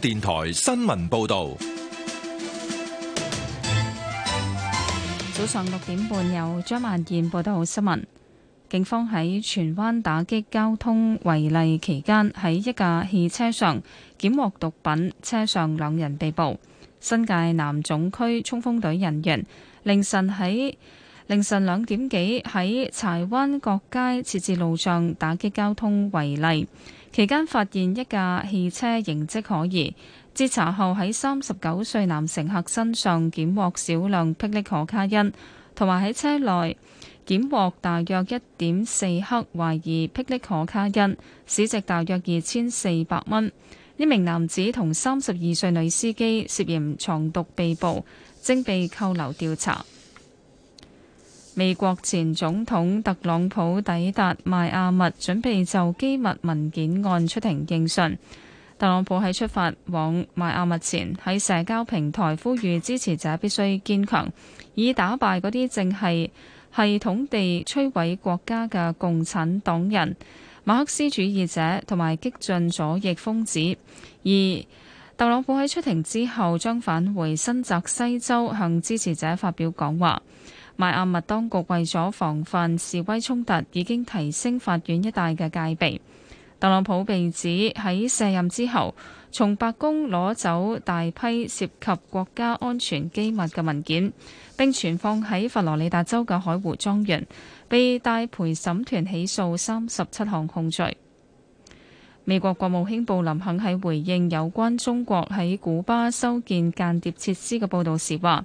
電台新聞報道：早上六點半，有張萬燕報道新聞。警方喺荃灣打擊交通違例期間，喺一架汽車上檢獲毒品，車上兩人被捕。新界南總區衝鋒隊人員凌晨喺凌晨兩點幾喺柴灣角街設置路障，打擊交通違例。期間發現一架汽車形跡可疑，截查後喺三十九歲男乘客身上檢獲少量霹靂可卡因，同埋喺車內檢獲大約一點四克懷疑霹靂可卡因，市值大約二千四百蚊。呢名男子同三十二歲女司機涉嫌藏毒被捕，正被扣留調查。美國前總統特朗普抵達邁阿密，準備就機密文件案出庭應訊。特朗普喺出發往邁阿密前，喺社交平台呼籲支持者必須堅強，以打敗嗰啲正係系統地摧毀國家嘅共產黨人、馬克思主義者同埋激進左翼瘋子。而特朗普喺出庭之後，將返回新澤西州向支持者發表講話。邁阿密當局為咗防範示威衝突，已經提升法院一帶嘅戒備。特朗普被指喺卸任之後，從白宮攞走大批涉及國家安全機密嘅文件，並存放喺佛羅里達州嘅海湖莊園，被大陪審團起訴三十七項控罪。美國國務卿布林肯喺回應有關中國喺古巴修建間諜設施嘅報導時話。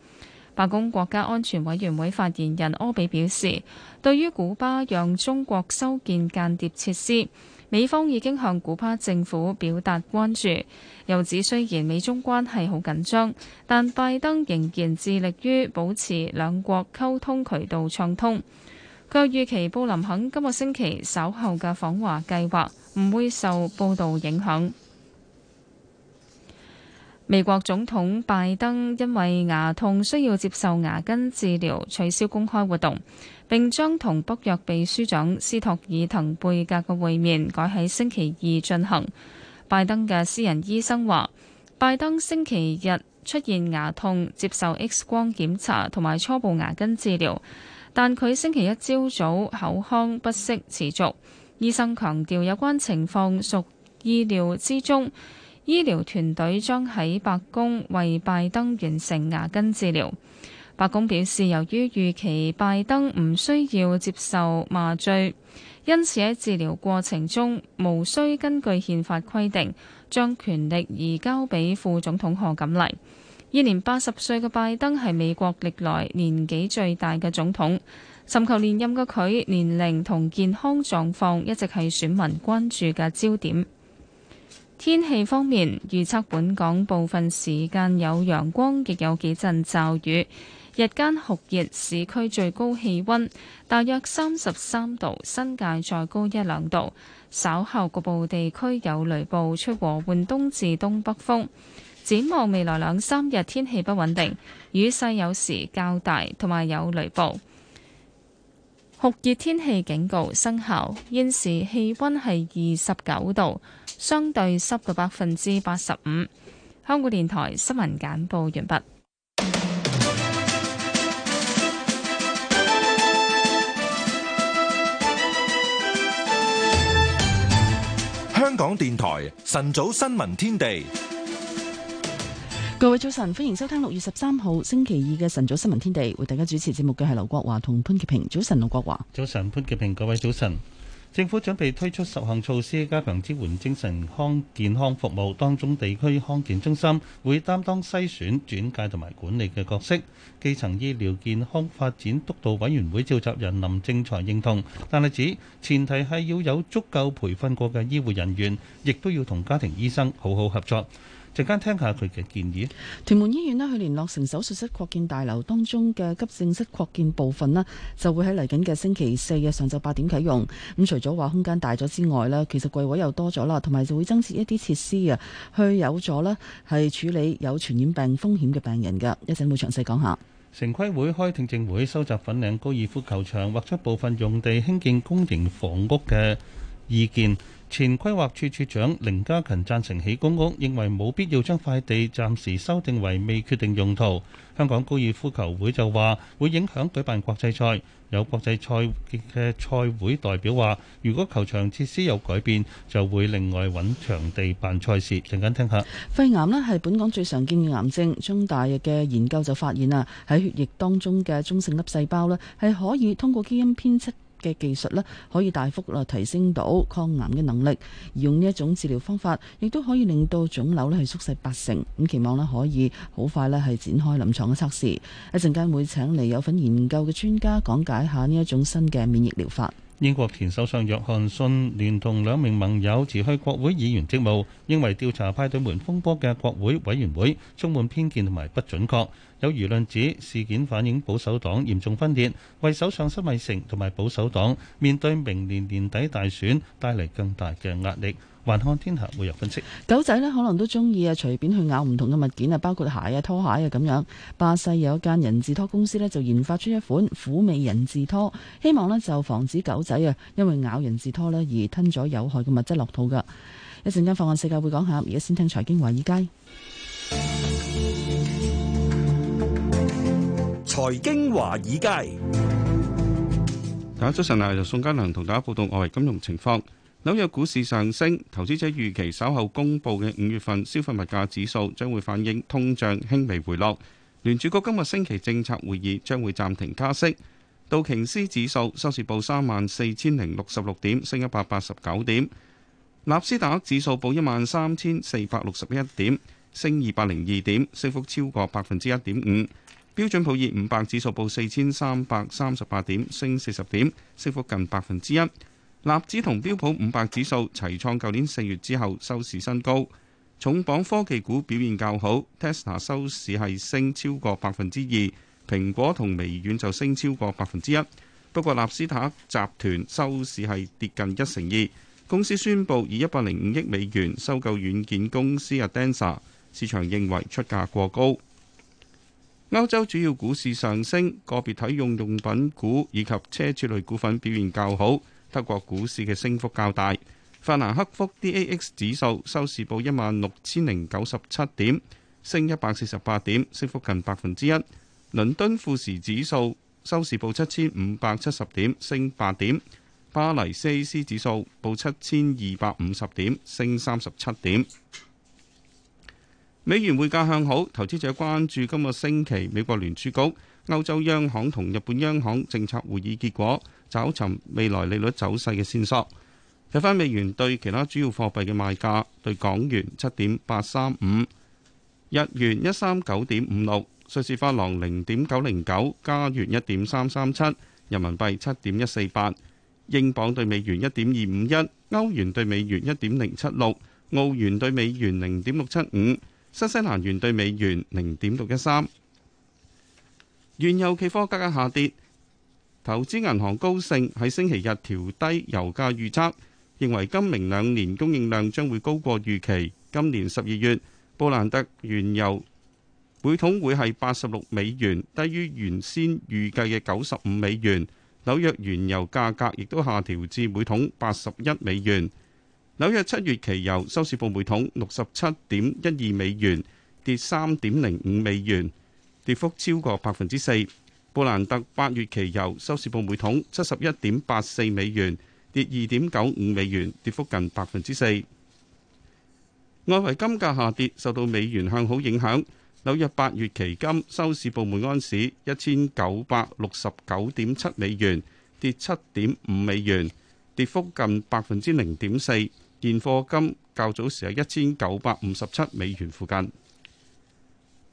白宮國家安全委員會發言人柯比表示，對於古巴讓中國修建間諜設施，美方已經向古巴政府表達關注。又指雖然美中關係好緊張，但拜登仍然致力於保持兩國溝通渠道暢通。佢預期布林肯今個星期稍後嘅訪華計劃唔會受報道影響。美國總統拜登因為牙痛需要接受牙根治療，取消公開活動，並將同北約秘書長斯托爾滕貝格嘅會面改喺星期二進行。拜登嘅私人醫生話，拜登星期日出現牙痛，接受 X 光檢查同埋初步牙根治療，但佢星期一朝早口腔不適持續。醫生強調，有關情況屬意料之中。醫療團隊將喺白宮為拜登完成牙根治療。白宮表示，由於預期拜登唔需要接受麻醉，因此喺治療過程中無需根據憲法規定將權力移交俾副總統賀錦麗。現年八十歲嘅拜登係美國歷來年紀最大嘅總統。尋求連任嘅佢年齡同健康狀況一直係選民關注嘅焦點。天氣方面，預測本港部分時間有陽光，亦有幾陣驟雨。日間酷熱，市區最高氣温大約三十三度，新界再高一兩度。稍後局部地區有雷暴，吹和緩東至東北風。展望未來兩三日天氣不穩定，雨勢有時較大，同埋有雷暴。酷熱天氣警告生效，現時氣温係二十九度。相對濕度百分之八十五。香港電台新聞簡報完畢。香港電台晨早新聞天地，各位早晨，歡迎收聽六月十三號星期二嘅晨早新聞天地，為大家主持節目嘅係劉國華同潘潔平。早晨，劉國華。早晨，潘潔平。各位早晨。政府準備推出十項措施，加強支援精神康健康服務，當中地區康健中心會擔當篩選、轉介同埋管理嘅角色。基層醫療健康發展督導委員會召集人林正才認同，但係指前提係要有足夠培訓過嘅醫護人員，亦都要同家庭醫生好好合作。陣間聽下佢嘅建議。屯門醫院咧，去年落成手術室擴建大樓當中嘅急症室擴建部分咧，就會喺嚟緊嘅星期四嘅上晝八點啟用。咁除咗話空間大咗之外咧，其實櫃位又多咗啦，同埋就會增設一啲設施啊，去有助，咧係處理有傳染病風險嘅病人嘅。一陣會詳細講下。城規會開聽證會，收集粉嶺高爾夫球場劃出部分用地興建公營房屋嘅意見。前規劃處處長凌家勤讚成起公屋，認為冇必要將塊地暫時修定為未決定用途。香港高爾夫球會就話會影響舉辦國際賽，有國際賽嘅賽會代表話，如果球場設施有改變，就會另外揾場地辦賽事。陣間聽下。肺癌呢係本港最常見嘅癌症。中大嘅研究就發現啊，喺血液當中嘅中性粒細胞呢係可以通過基因編輯嘅技術咧，可以大幅啦提升到抗癌嘅能力，而用呢一種治療方法，亦都可以令到腫瘤咧係縮細八成。咁期望咧可以好快咧係展開臨床嘅測試。一陣間會請嚟有份研究嘅專家講解下呢一種新嘅免疫療法。英國前首相約翰遜連同兩名盟友辭去國會議員職務，認為調查派對門風波嘅國會委員會充滿偏見同埋不準確。有輿論指事件反映保守黨嚴重分裂，為首相辛偉誠同埋保守黨面對明年年底大選帶嚟更大嘅壓力。環看天下會有分析。狗仔咧可能都中意啊，隨便去咬唔同嘅物件啊，包括鞋啊、拖鞋啊咁樣。巴西有一間人字拖公司咧，就研發出一款苦味人字拖，希望咧就防止狗仔啊因為咬人字拖咧而吞咗有害嘅物質落肚噶。一陣間放眼世界會講下，而家先聽財經華爾街。財經華爾街，大家早晨啊！由宋家良同大家報道外圍金融情況。紐約股市上升，投資者預期稍後公布嘅五月份消費物價指數將會反映通脹輕微回落。聯儲局今日星期政策會議將會暫停加息。道瓊斯指數收市報三萬四千零六十六點，升一百八十九點。納斯達克指數報一萬三千四百六十一點，升二百零二點，升幅超過百分之一點五。標準普爾五百指數報四千三百三十八點，升四十點，升幅近百分之一。納指同標普五百指數齊創舊年四月之後收市新高。重磅科技股表現較好，Tesla 收市係升超過百分之二，蘋果同微軟就升超過百分之一。不過納斯達克集團收市係跌近一成二，公司宣布以一百零五億美元收購軟件公司 Adenza，市場認為出價過高。歐洲主要股市上升，個別體育用品股以及奢侈類股份表現較好。德國股市嘅升幅較大，法蘭克福 DAX 指數收市報一萬六千零九十七點，升一百四十八點，升幅近百分之一。倫敦富時指數收市報七千五百七十點，升八點。巴黎 CAC 指數報七千二百五十點，升三十七點。美元匯價向好，投資者關注今個星期美國聯儲局、歐洲央行同日本央行政策會議結果，找尋未來利率走勢嘅線索。睇返美元對其他主要貨幣嘅賣價：對港元七點八三五，日元一三九點五六，瑞士法郎零點九零九，加元一點三三七，人民幣七點一四八，英鎊對美元一點二五一，歐元對美元一點零七六，澳元對美元零點六七五。新西蘭元兌美元零點六一三，原油期貨價格下跌。投資銀行高盛喺星期日調低油價預測，認為今明兩年供應量將會高過預期。今年十二月，布蘭特原油每桶會係八十六美元，低於原先預計嘅九十五美元。紐約原油價格亦都下調至每桶八十一美元。紐約七月期油收市報每桶六十七點一二美元，跌三點零五美元，跌幅超過百分之四。布蘭特八月期油收市報每桶七十一點八四美元，跌二點九五美元，跌幅近百分之四。外圍金價下跌，受到美元向好影響。紐約八月期金收市報每安士一千九百六十九點七美元，跌七點五美元，跌幅近百分之零點四。現貨金較早時係一千九百五十七美元附近。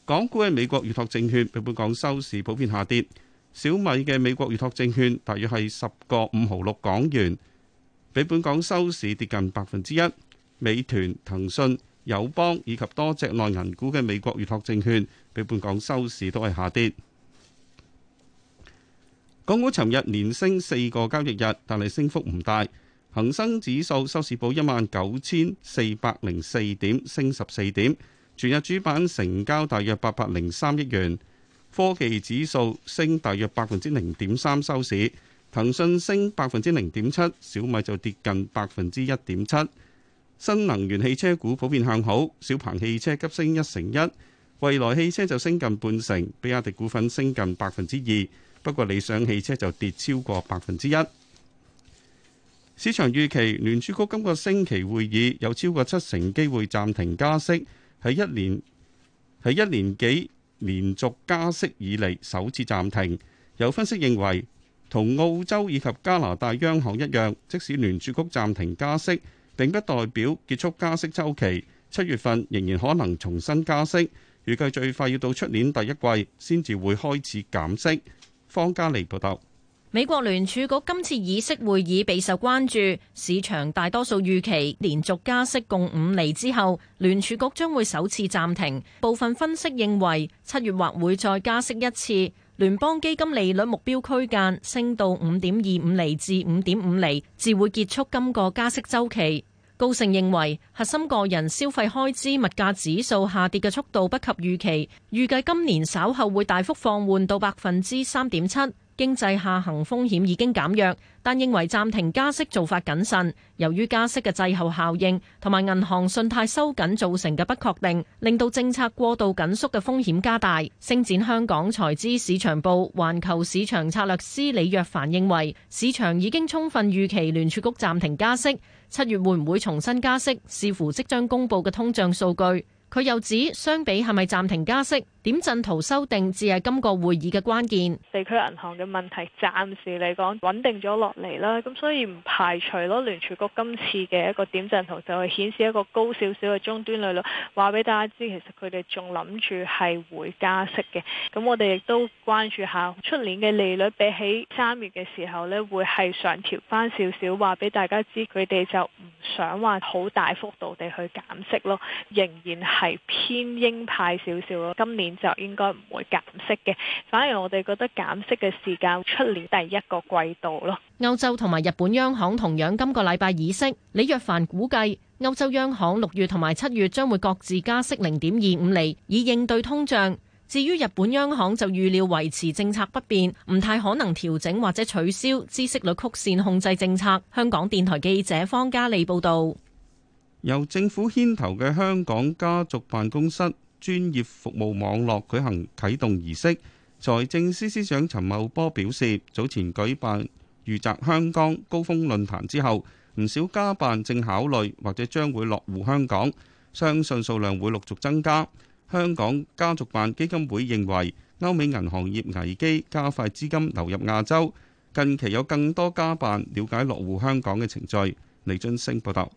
港股嘅美國預託證券，比本港收市普遍下跌。小米嘅美國預託證券大約係十個五毫六港元，比本港收市跌近百分之一。美團、騰訊、友邦以及多隻內銀股嘅美國預託證券，比本港收市都係下跌。港股尋日連升四個交易日，但係升幅唔大。恒生指數收市報一萬九千四百零四點，升十四點。全日主板成交大約八百零三億元。科技指數升大約百分之零點三收市。騰訊升百分之零點七，小米就跌近百分之一點七。新能源汽車股普遍向好，小鵬汽車急升一成一，蔚來汽車就升近半成，比亞迪股份升近百分之二。不過理想汽車就跌超過百分之一。市場預期聯儲局今個星期會議有超過七成機會暫停加息，係一年係一年幾連續加息以嚟首次暫停。有分析認為，同澳洲以及加拿大央行一樣，即使聯儲局暫停加息，並不代表結束加息週期。七月份仍然可能重新加息，預計最快要到出年第一季先至會開始減息。方家利報道。美國聯儲局今次議息會議備受關注，市場大多數預期連續加息共五厘之後，聯儲局將會首次暫停。部分分析認為，七月或會再加息一次，聯邦基金利率目標區間升到五點二五厘至五點五厘，至會結束今個加息週期。高盛認為，核心個人消費開支物價指數下跌嘅速度不及預期，預計今年稍後會大幅放緩到百分之三點七。經濟下行風險已經減弱，但認為暫停加息做法謹慎。由於加息嘅滯後效應同埋銀行信貸收緊造成嘅不確定，令到政策過度緊縮嘅風險加大。星展香港財資市場部環球市場策略師李若凡認為，市場已經充分預期聯儲局暫停加息，七月會唔會重新加息，視乎即將公布嘅通脹數據。佢又指，相比係咪暫停加息，點陣圖修訂，至係今個會議嘅關鍵。地區銀行嘅問題暫時嚟講穩定咗落嚟啦，咁所以唔排除咯。聯儲局今次嘅一個點陣圖就會顯示一個高少少嘅終端利率。話俾大家知，其實佢哋仲諗住係會加息嘅。咁我哋亦都關注下出年嘅利率比起三月嘅時候咧，會係上調翻少少。話俾大家知，佢哋就唔想話好大幅度地去減息咯，仍然係偏鷹派少少咯，今年就應該唔會減息嘅，反而我哋覺得減息嘅時間出年第一個季度咯。歐洲同埋日本央行同樣今個禮拜議息，李若凡估計歐洲央行六月同埋七月將會各自加息零點二五厘，以應對通脹。至於日本央行就預料維持政策不變，唔太可能調整或者取消孳息率曲線控制政策。香港電台記者方嘉莉報道。由政府牽頭嘅香港家族辦公室專業服務網絡舉行啟動儀式。財政司司長陳茂波表示，早前舉辦裕澤香港高峰論壇之後，唔少家辦正考慮或者將會落戶香港，相信數量會陸續增加。香港家族辦基金會認為歐美銀行業危機加快資金流入亞洲，近期有更多家辦了解落戶香港嘅程序。李津升報道。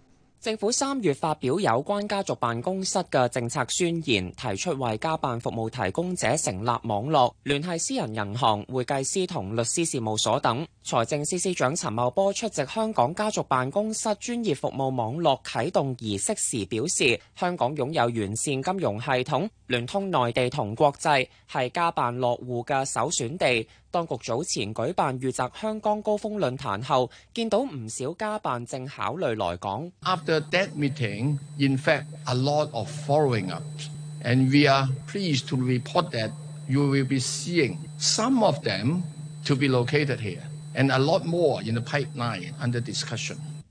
政府三月發表有關家族辦公室嘅政策宣言，提出為家辦服務提供者成立網絡、聯繫私人銀行、會計師同律師事務所等。財政司司長陳茂波出席香港家族辦公室專業服務網絡啟動儀式時表示，香港擁有完善金融系統，聯通內地同國際，係家辦落戶嘅首選地。當局早前舉辦預集香港高峰論壇後，見到唔少家辦正考慮來港。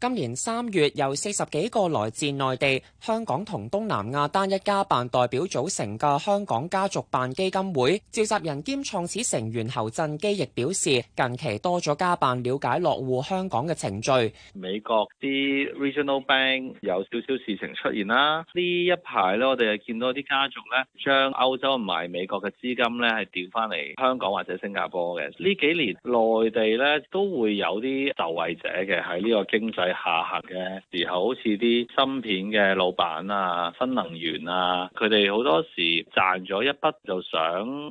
今年三月，由四十幾個來自內地、香港同東南亞單一家辦代表組成嘅香港家族辦基金會召集人兼創始成員侯振基亦表示，近期多咗家辦了解落戶香港嘅程序。美國啲 regional bank 有少少事情出現啦，呢一排咧，我哋就見到啲家族咧，將歐洲同埋美國嘅資金咧係調翻嚟香港或者新加坡嘅。呢幾年內地咧都會有啲受惠者嘅喺呢個經濟下行嘅時候，好似啲芯片嘅老闆啊、新能源啊，佢哋好多時賺咗一筆就想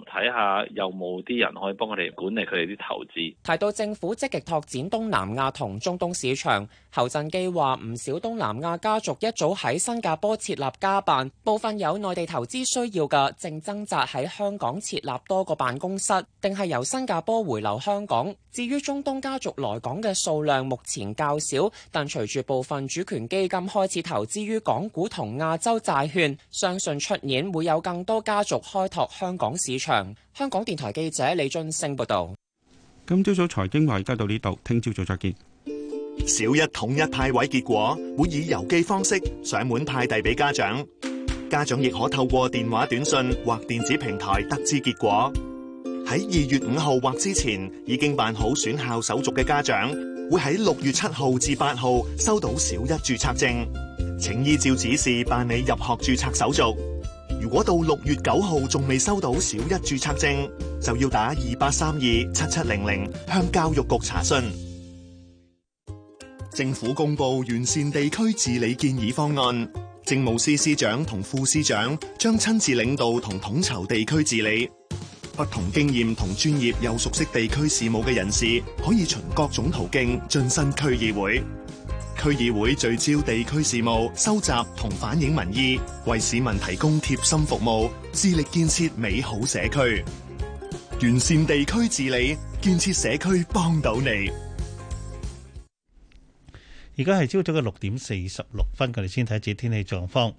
睇下有冇啲人可以幫佢哋管理佢哋啲投資，提到政府積極拓展東南亞同中東市場。侯振基話：唔少東南亞家族一早喺新加坡設立家辦，部分有內地投資需要嘅正掙扎喺香港設立多個辦公室，定係由新加坡回流香港。至於中東家族來港嘅數量目前較少，但隨住部分主權基金開始投資於港股同亞洲債券，相信出年會有更多家族開拓香港市場。香港電台記者李俊升報道。今朝早財經話而家到呢度，聽朝早再見。小一統一派位結果會以郵寄方式上門派遞俾家長，家長亦可透過電話、短信或電子平台得知結果。喺二月五號或之前已經辦好選校手續嘅家長，會喺六月七號至八號收到小一注冊證，請依照指示辦理入學注冊手續。如果到六月九號仲未收到小一注冊證，就要打二八三二七七零零向教育局查詢。政府公佈完善地區治理建議方案，政務司司長同副司長將親自領導同統籌地區治理。不同經驗同專業又熟悉地區事務嘅人士，可以循各種途徑晉身區議會。區議會聚焦地區事務，收集同反映民意，為市民提供貼心服務，致力建設美好社區。完善地區治理，建設社區，幫到你。而家係朝早嘅六點四十六分，佢哋先睇一節天氣狀況。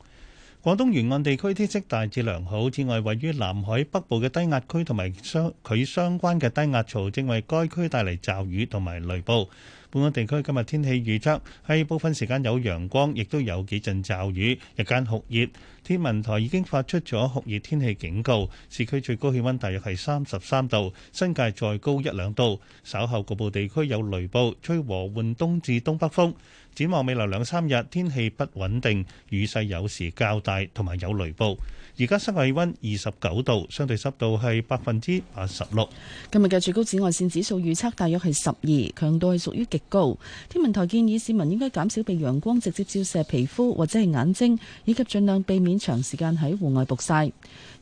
廣東沿岸地區天色大致良好，此外位於南海北部嘅低壓區同埋相佢相關嘅低壓槽正為該區帶嚟驟雨同埋雷暴。本港地區今日天氣預測喺部分時間有陽光，亦都有幾陣驟雨，日間酷熱。天文台已經發出咗酷熱天氣警告，市區最高氣温大約係三十三度，新界再高一兩度。稍後局部地區有雷暴，吹和緩東至東北風。展望未來兩三日，天氣不穩定，雨勢有時較大，同埋有雷暴。而家室外氣溫二十九度，相對濕度係百分之八十六。今日嘅最高紫外線指數預測大約係十二，強度係屬於極高。天文台建議市民應該減少被陽光直接照射皮膚或者係眼睛，以及盡量避免長時間喺戶外曝曬。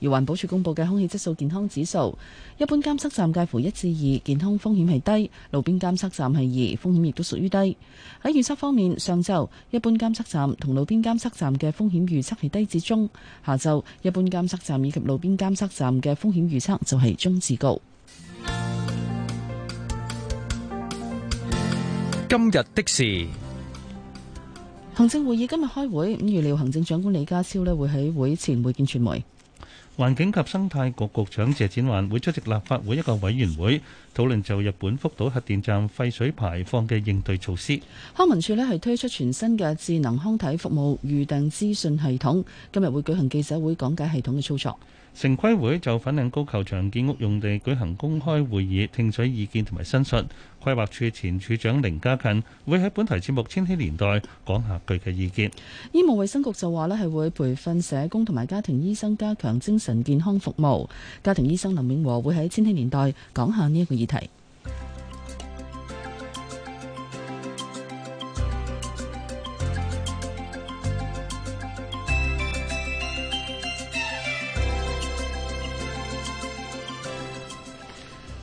而環保署公布嘅空氣質素健康指數，一般監測站介乎一至二，健康風險係低；路邊監測站係二，風險亦都屬於低。喺預測方面，上晝一般監測站同路邊監測站嘅風險預測係低至中；下晝一般監測站以及路邊監測站嘅風險預測就係中至高。今日的事，行政會議今日開會，咁預料行政長官李家超呢會喺會前會見傳媒。環境及生態局局長謝展寰會出席立法會一個委員會，討論就日本福島核電站廢水排放嘅應對措施。康文署呢係推出全新嘅智能康體服務預訂資訊系統，今日會舉行記者會講解系統嘅操作。城規會就粉嶺高球場建屋用地舉行公開會議，聽取意見同埋申述。規劃署前處長凌家近會喺本台節目《千禧年代》講下佢嘅意見。醫務衛生局就話咧係會培訓社工同埋家庭醫生加強精神健康服務。家庭醫生林永和會喺《千禧年代》講下呢一個議題。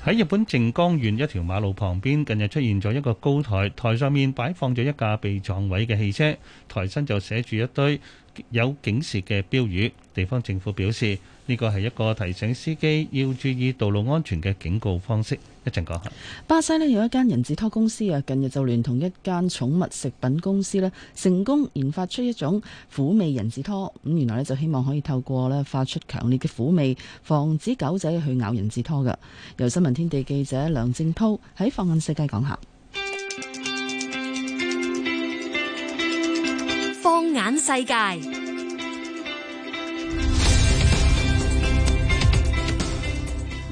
喺日本靜岡縣一條馬路旁邊，近日出現咗一個高台，台上面擺放咗一架被撞毀嘅汽車，台身就寫住一堆有警示嘅標語。地方政府表示，呢個係一個提醒司機要注意道路安全嘅警告方式。一陣講下。巴西呢有一間人字拖公司啊，近日就聯同一間寵物食品公司咧，成功研發出一種苦味人字拖。咁原來咧就希望可以透過咧發出強烈嘅苦味，防止狗仔去咬人字拖噶。由新聞天地記者梁正濤喺放眼世界講下。放眼世界。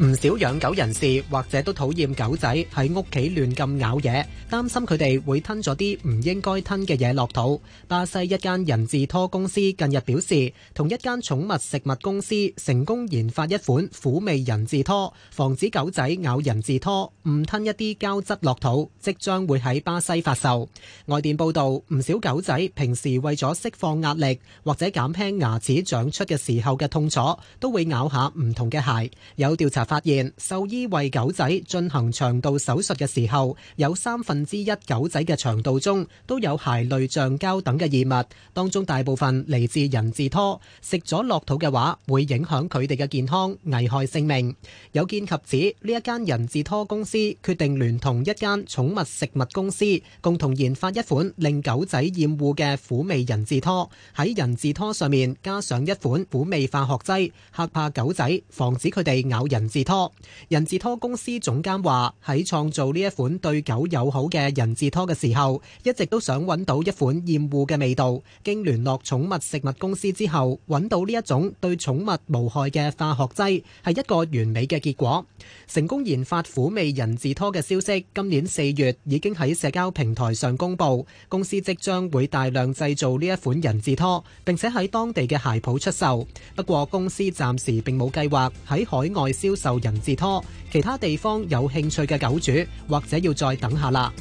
唔少養狗人士或者都討厭狗仔喺屋企亂咁咬嘢，擔心佢哋會吞咗啲唔應該吞嘅嘢落肚。巴西一間人字拖公司近日表示，同一間寵物食物公司成功研發一款苦味人字拖，防止狗仔咬人字拖，誤吞一啲膠質落肚，即將會喺巴西發售。外電報道，唔少狗仔平時為咗釋放壓力，或者減輕牙齒長出嘅時候嘅痛楚，都會咬下唔同嘅鞋。有調查發現獸醫為狗仔進行腸道手術嘅時候，有三分之一狗仔嘅腸道中都有鞋類橡膠等嘅異物，當中大部分嚟自人字拖。食咗落肚嘅話，會影響佢哋嘅健康，危害性命。有見及此，呢一間人字拖公司決定聯同一間寵物食物公司，共同研發一款令狗仔厭惡嘅苦味人字拖。喺人字拖上面加上一款苦味化學劑，嚇怕狗仔，防止佢哋咬人字。拖人字拖公司總監話：喺創造呢一款對狗友好嘅人字拖嘅時候，一直都想揾到一款厭惡嘅味道。經聯絡寵物食物公司之後，揾到呢一種對寵物無害嘅化學劑，係一個完美嘅結果。成功研發苦味人字拖嘅消息，今年四月已經喺社交平台上公布。公司即將會大量製造呢一款人字拖，並且喺當地嘅鞋鋪出售。不過公司暫時並冇計劃喺海外銷售。就人字拖，其他地方有興趣嘅狗主，或者要再等下啦。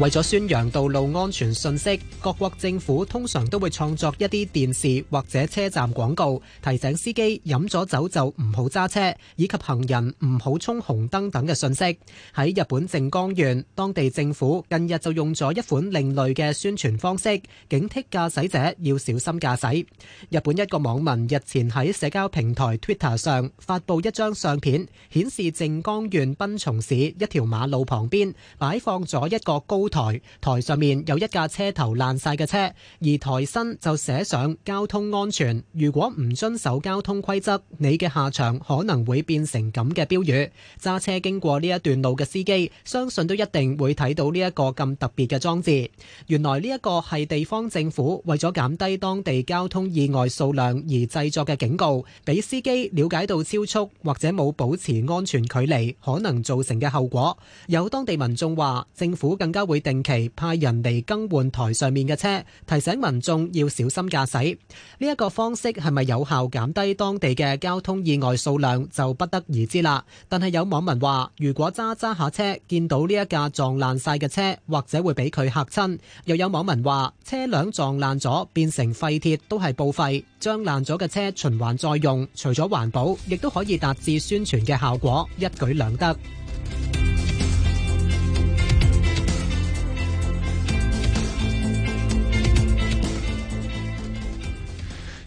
為咗宣揚道路安全信息，各國政府通常都會創作一啲電視或者車站廣告，提醒司機飲咗酒就唔好揸車，以及行人唔好衝紅燈等嘅信息。喺日本靜岡縣，當地政府近日就用咗一款另類嘅宣傳方式，警惕駕駛者要小心駕駛。日本一個網民日前喺社交平台 Twitter 上發佈一張相片，顯示靜岡縣濱松市一條馬路旁邊擺放咗一個高。台台，上面有一架車頭爛晒嘅車，而台身就寫上交通安全。如果唔遵守交通規則，你嘅下場可能會變成咁嘅標語。揸車經過呢一段路嘅司機，相信都一定會睇到呢一個咁特別嘅裝置。原來呢一個係地方政府為咗減低當地交通意外數量而製作嘅警告，俾司機了解到超速或者冇保持安全距離可能造成嘅後果。有當地民眾話，政府更加會。定期派人嚟更換台上面嘅車，提醒民眾要小心駕駛。呢一個方式係咪有效減低當地嘅交通意外數量，就不得而知啦。但係有網民話，如果揸揸下車見到呢一架撞爛晒嘅車，或者會俾佢嚇親。又有網民話，車輛撞爛咗變成廢鐵都係報廢，將爛咗嘅車循環再用，除咗環保，亦都可以達至宣傳嘅效果，一舉兩得。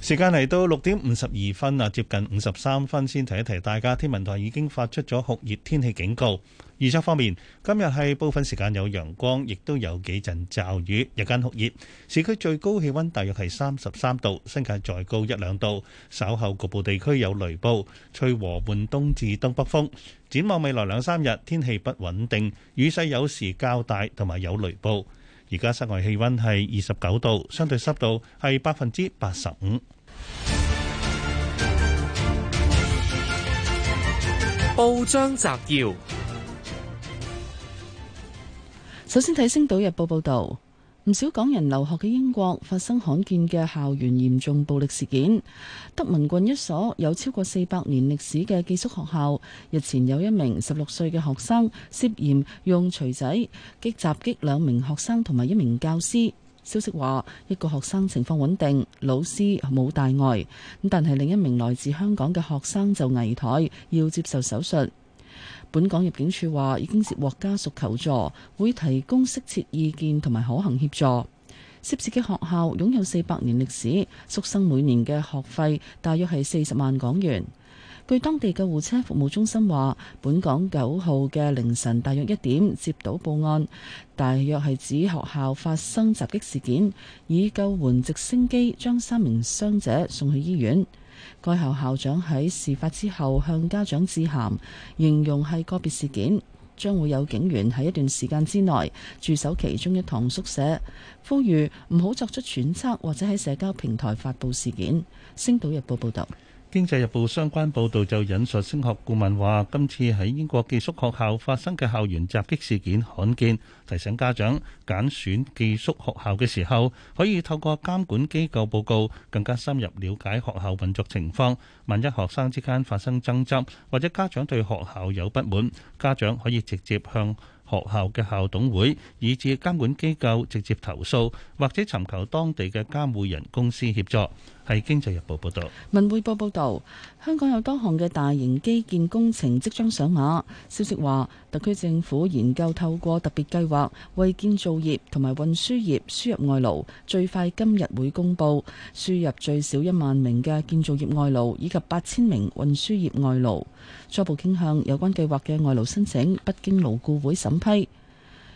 時間嚟到六點五十二分啊，接近五十三分先提一提大家。天文台已經發出咗酷熱天氣警告。預測方面，今日係部分時間有陽光，亦都有幾陣驟雨，日間酷熱。市區最高氣温大約係三十三度，新界再高一兩度。稍後局部地區有雷暴，吹和緩東至東北風。展望未來兩三日，天氣不穩定，雨勢有時較大，同埋有雷暴。而家室外氣温係二十九度，相對濕度係百分之八十五。報章摘要：首先睇《星島日報》報道，唔少港人留學嘅英國發生罕見嘅校園嚴重暴力事件。德文郡一所有超過四百年歷史嘅寄宿學校，日前有一名十六歲嘅學生涉嫌用錘仔擊襲擊兩名學生同埋一名教師。消息話，一個學生情況穩定，老師冇大礙，咁但係另一名來自香港嘅學生就危殆，要接受手術。本港入境處話已經接獲家屬求助，會提供適切意見同埋可行協助。涉事嘅學校擁有四百年歷史，宿生每年嘅學費大約係四十萬港元。據當地救護車服務中心話，本港九號嘅凌晨大約一點接到報案，大約係指學校發生襲擊事件，以救援直升機將三名傷者送去醫院。該校校長喺事發之後向家長致函，形容係個別事件，將會有警員喺一段時間之內駐守其中一堂宿舍，呼籲唔好作出揣測或者喺社交平台發布事件。星島日報報道。經濟日報相關報導就引述升學顧問話：今次喺英國寄宿學校發生嘅校園襲擊事件罕見，提醒家長揀選寄宿學校嘅時候，可以透過監管機構報告，更加深入了解學校運作情況。萬一學生之間發生爭執，或者家長對學校有不滿，家長可以直接向學校嘅校董會，以至監管機構直接投訴，或者尋求當地嘅監護人公司協助。係《經濟日報》報導，《文匯報》報導，香港有多項嘅大型基建工程即將上馬。消息話，特區政府研究透過特別計劃為建造業同埋運輸業輸入外勞，最快今日會公布輸入最少一萬名嘅建造業外勞，以及八千名運輸業外勞。初步傾向有關計劃嘅外勞申請，不經勞顧會審批。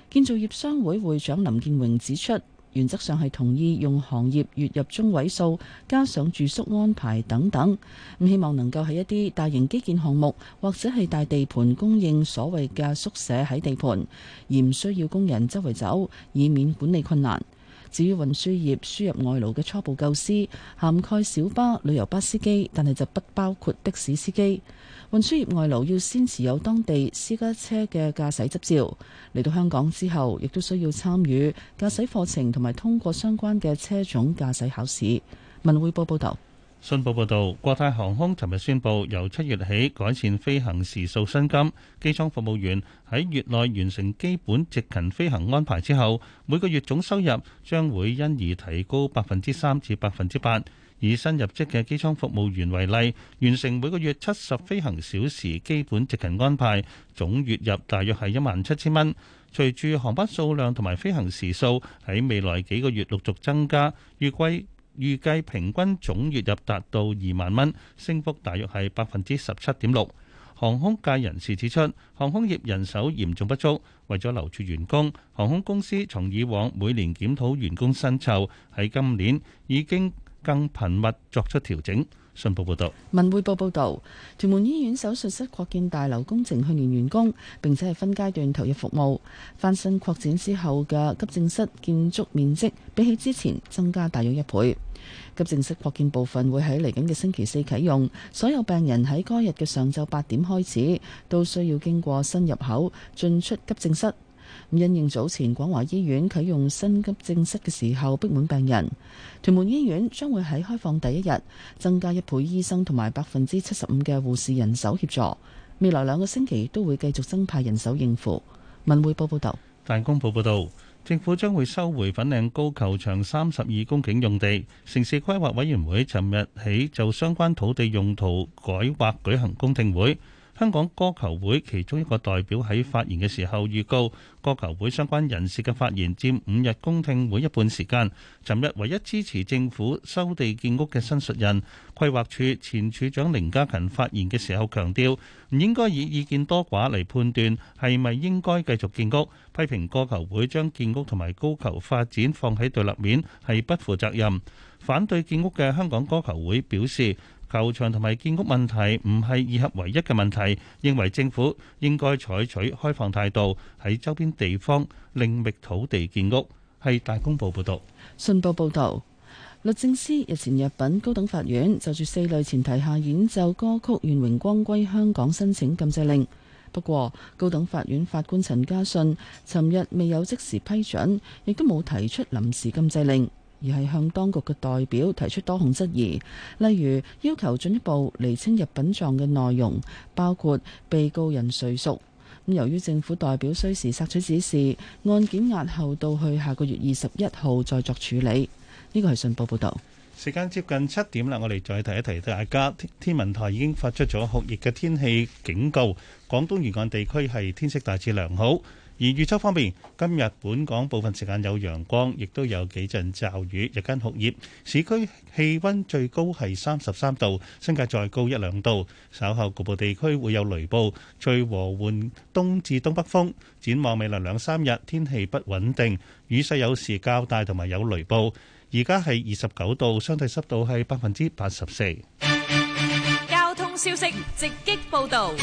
建造業商會會,會長林建榮指出。原則上係同意用行業月入中位數，加上住宿安排等等，咁希望能夠喺一啲大型基建項目或者係大地盤供應所謂嘅宿舍喺地盤，而唔需要工人周圍走，以免管理困難。至於運輸業輸入外勞嘅初步構思，涵蓋小巴、旅遊巴司機，但係就不包括的士司機。運輸業外勞要先持有當地私家車嘅駕駛執照，嚟到香港之後，亦都需要參與駕駛課程同埋通過相關嘅車種駕駛考試。文匯報報導。信報報導，國泰航空尋日宣布，由七月起改善飛行時數薪金，機艙服務員喺月內完成基本直勤飛行安排之後，每個月總收入將會因而提高百分之三至百分之八。以新入職嘅機艙服務員為例，完成每個月七十飛行小時基本值勤安排，總月入大約係一萬七千蚊。隨住航班數量同埋飛行時數喺未來幾個月陸續增加，預計預計平均總月入達到二萬蚊，升幅大約係百分之十七點六。航空界人士指出，航空業人手嚴重不足，為咗留住員工，航空公司從以往每年檢討員工薪酬，喺今年已經更頻密作出調整。信報報導，文匯報報導，屯門醫院手術室擴建大樓工程去年完工，並且係分階段投入服務。翻新擴展之後嘅急症室建築面積比起之前增加大約一倍。急症室擴建部分會喺嚟緊嘅星期四啟用，所有病人喺該日嘅上晝八點開始都需要經過新入口進出急症室。因應早前廣華醫院啟用新急症室嘅時候，逼滿病人，屯門醫院將會喺開放第一日增加一倍醫生同埋百分之七十五嘅護士人手協助，未來兩個星期都會繼續增派人手應付。文匯報報道，大公報報道，政府將會收回粉嶺高球場三十二公頃用地，城市規劃委員會尋日起就相關土地用途改劃舉行公聽會。香港歌球會其中一個代表喺發言嘅時候預告，歌球會相關人士嘅發言佔五日公聽會一半時間。尋日唯一支持政府收地建屋嘅新述人，規劃署前署長凌家勤發言嘅時候強調，唔應該以意見多寡嚟判斷係咪應該繼續建屋，批評歌球會將建屋同埋高球發展放喺對立面係不負責任。反對建屋嘅香港歌球會表示。球場同埋建屋問題唔係以合唯一嘅問題，認為政府應該採取開放態度，喺周邊地方另覓土地建屋。係大公報報導，信報報導律政司日前入禀高等法院，就住四類前提下演奏歌曲願榮光歸香港申請禁制令。不過，高等法院法官陳家信尋日未有即時批准，亦都冇提出臨時禁制令。而係向當局嘅代表提出多項質疑，例如要求進一步釐清入稟狀嘅內容，包括被告人歲數。咁由於政府代表需時索取指示，案件押後到去下個月二十一號再作處理。呢個係信報報道。時間接近七點啦，我哋再提一提大家，天文台已經發出咗酷熱嘅天氣警告。廣東沿岸地區係天色大致良好。而預測方面，今日本港部分時間有陽光，亦都有幾陣驟雨，日間酷熱。市區氣温最高係三十三度，新界再高一兩度。稍後局部地區會有雷暴，吹和緩東至東北風。展望未來兩三日，天氣不穩定，雨勢有時較大，同埋有雷暴。而家係二十九度，相對濕度係百分之八十四。交通消息直擊報導。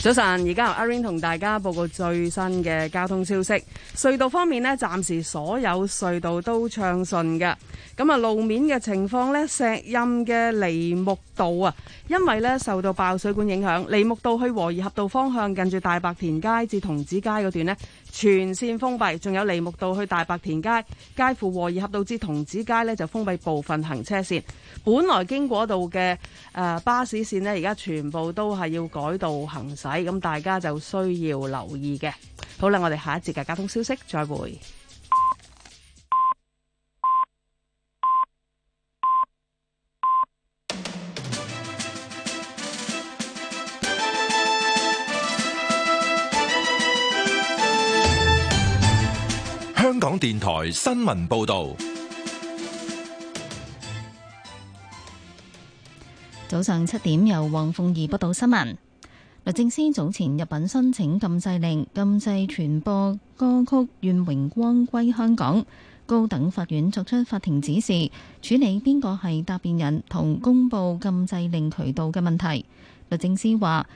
早晨，而家由阿 Ring 同大家報告最新嘅交通消息。隧道方面呢，暫時所有隧道都暢順㗎。咁啊，路面嘅情況呢，石蔭嘅梨木道啊，因為呢受到爆水管影響，梨木道去和宜合道方向近住大白田街至童子街嗰段呢。全線封閉，仲有梨木道去大白田街、街副和宜合道至童子街呢，就封閉部分行車線。本來經過度嘅、呃、巴士線呢，而家全部都係要改道行駛，咁大家就需要留意嘅。好啦，我哋下一節嘅交通消息再會。香港電台新聞報道，早上七點由黃鳳儀報道新聞。律政司早前入禀申請禁制令，禁制傳播歌曲《願榮光歸香港》。高等法院作出法庭指示，處理邊個係答辯人同公布禁制令渠道嘅問題。律政司話。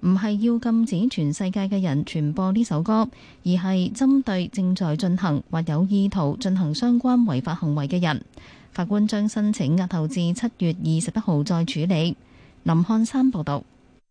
唔係要禁止全世界嘅人傳播呢首歌，而係針對正在進行或有意圖進行相關違法行為嘅人。法官將申請押後至七月二十一號再處理。林漢山報道。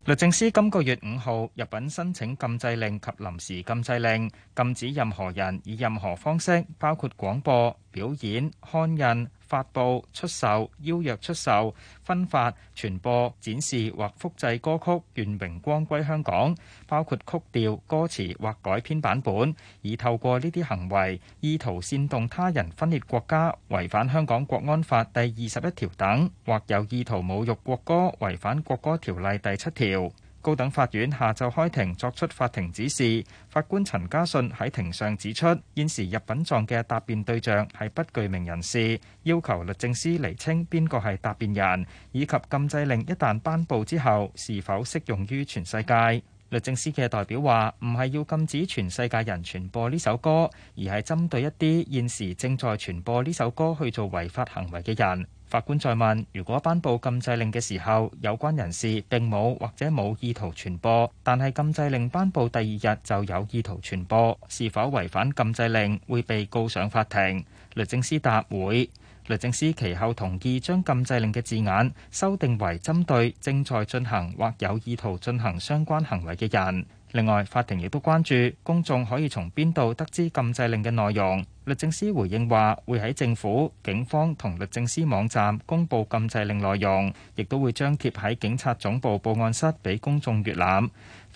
律政司今個月五號入禀申請禁制令及臨時禁制令，禁止任何人以任何方式，包括廣播、表演、刊印。發布、出售、邀約出售、分發、傳播、展示或複製歌曲《願榮光歸香港》，包括曲調、歌詞或改編版本，以透過呢啲行為意圖煽動他人分裂國家，違反香港國安法第二十一條等，或有意圖侮辱國歌，違反國歌條例第七條。高等法院下晝開庭作出法庭指示，法官陳家信喺庭上指出，現時入稟狀嘅答辯對象係不具名人士，要求律政司釐清邊個係答辯人，以及禁制令一旦頒布之後是否適用於全世界。律政司嘅代表話：唔係要禁止全世界人傳播呢首歌，而係針對一啲現時正在傳播呢首歌去做違法行為嘅人。法官再問：如果頒布禁制令嘅時候，有關人士並冇或者冇意圖傳播，但係禁制令頒布第二日就有意圖傳播，是否違反禁制令，會被告上法庭？律政司答會。律政司其後同意將禁制令嘅字眼修訂為針對正在進行或有意圖進行相關行為嘅人。另外，法庭亦都關注公眾可以從邊度得知禁制令嘅內容。律政司回應話，會喺政府、警方同律政司網站公布禁制令內容，亦都會張貼喺警察總部報案室俾公眾閲覽。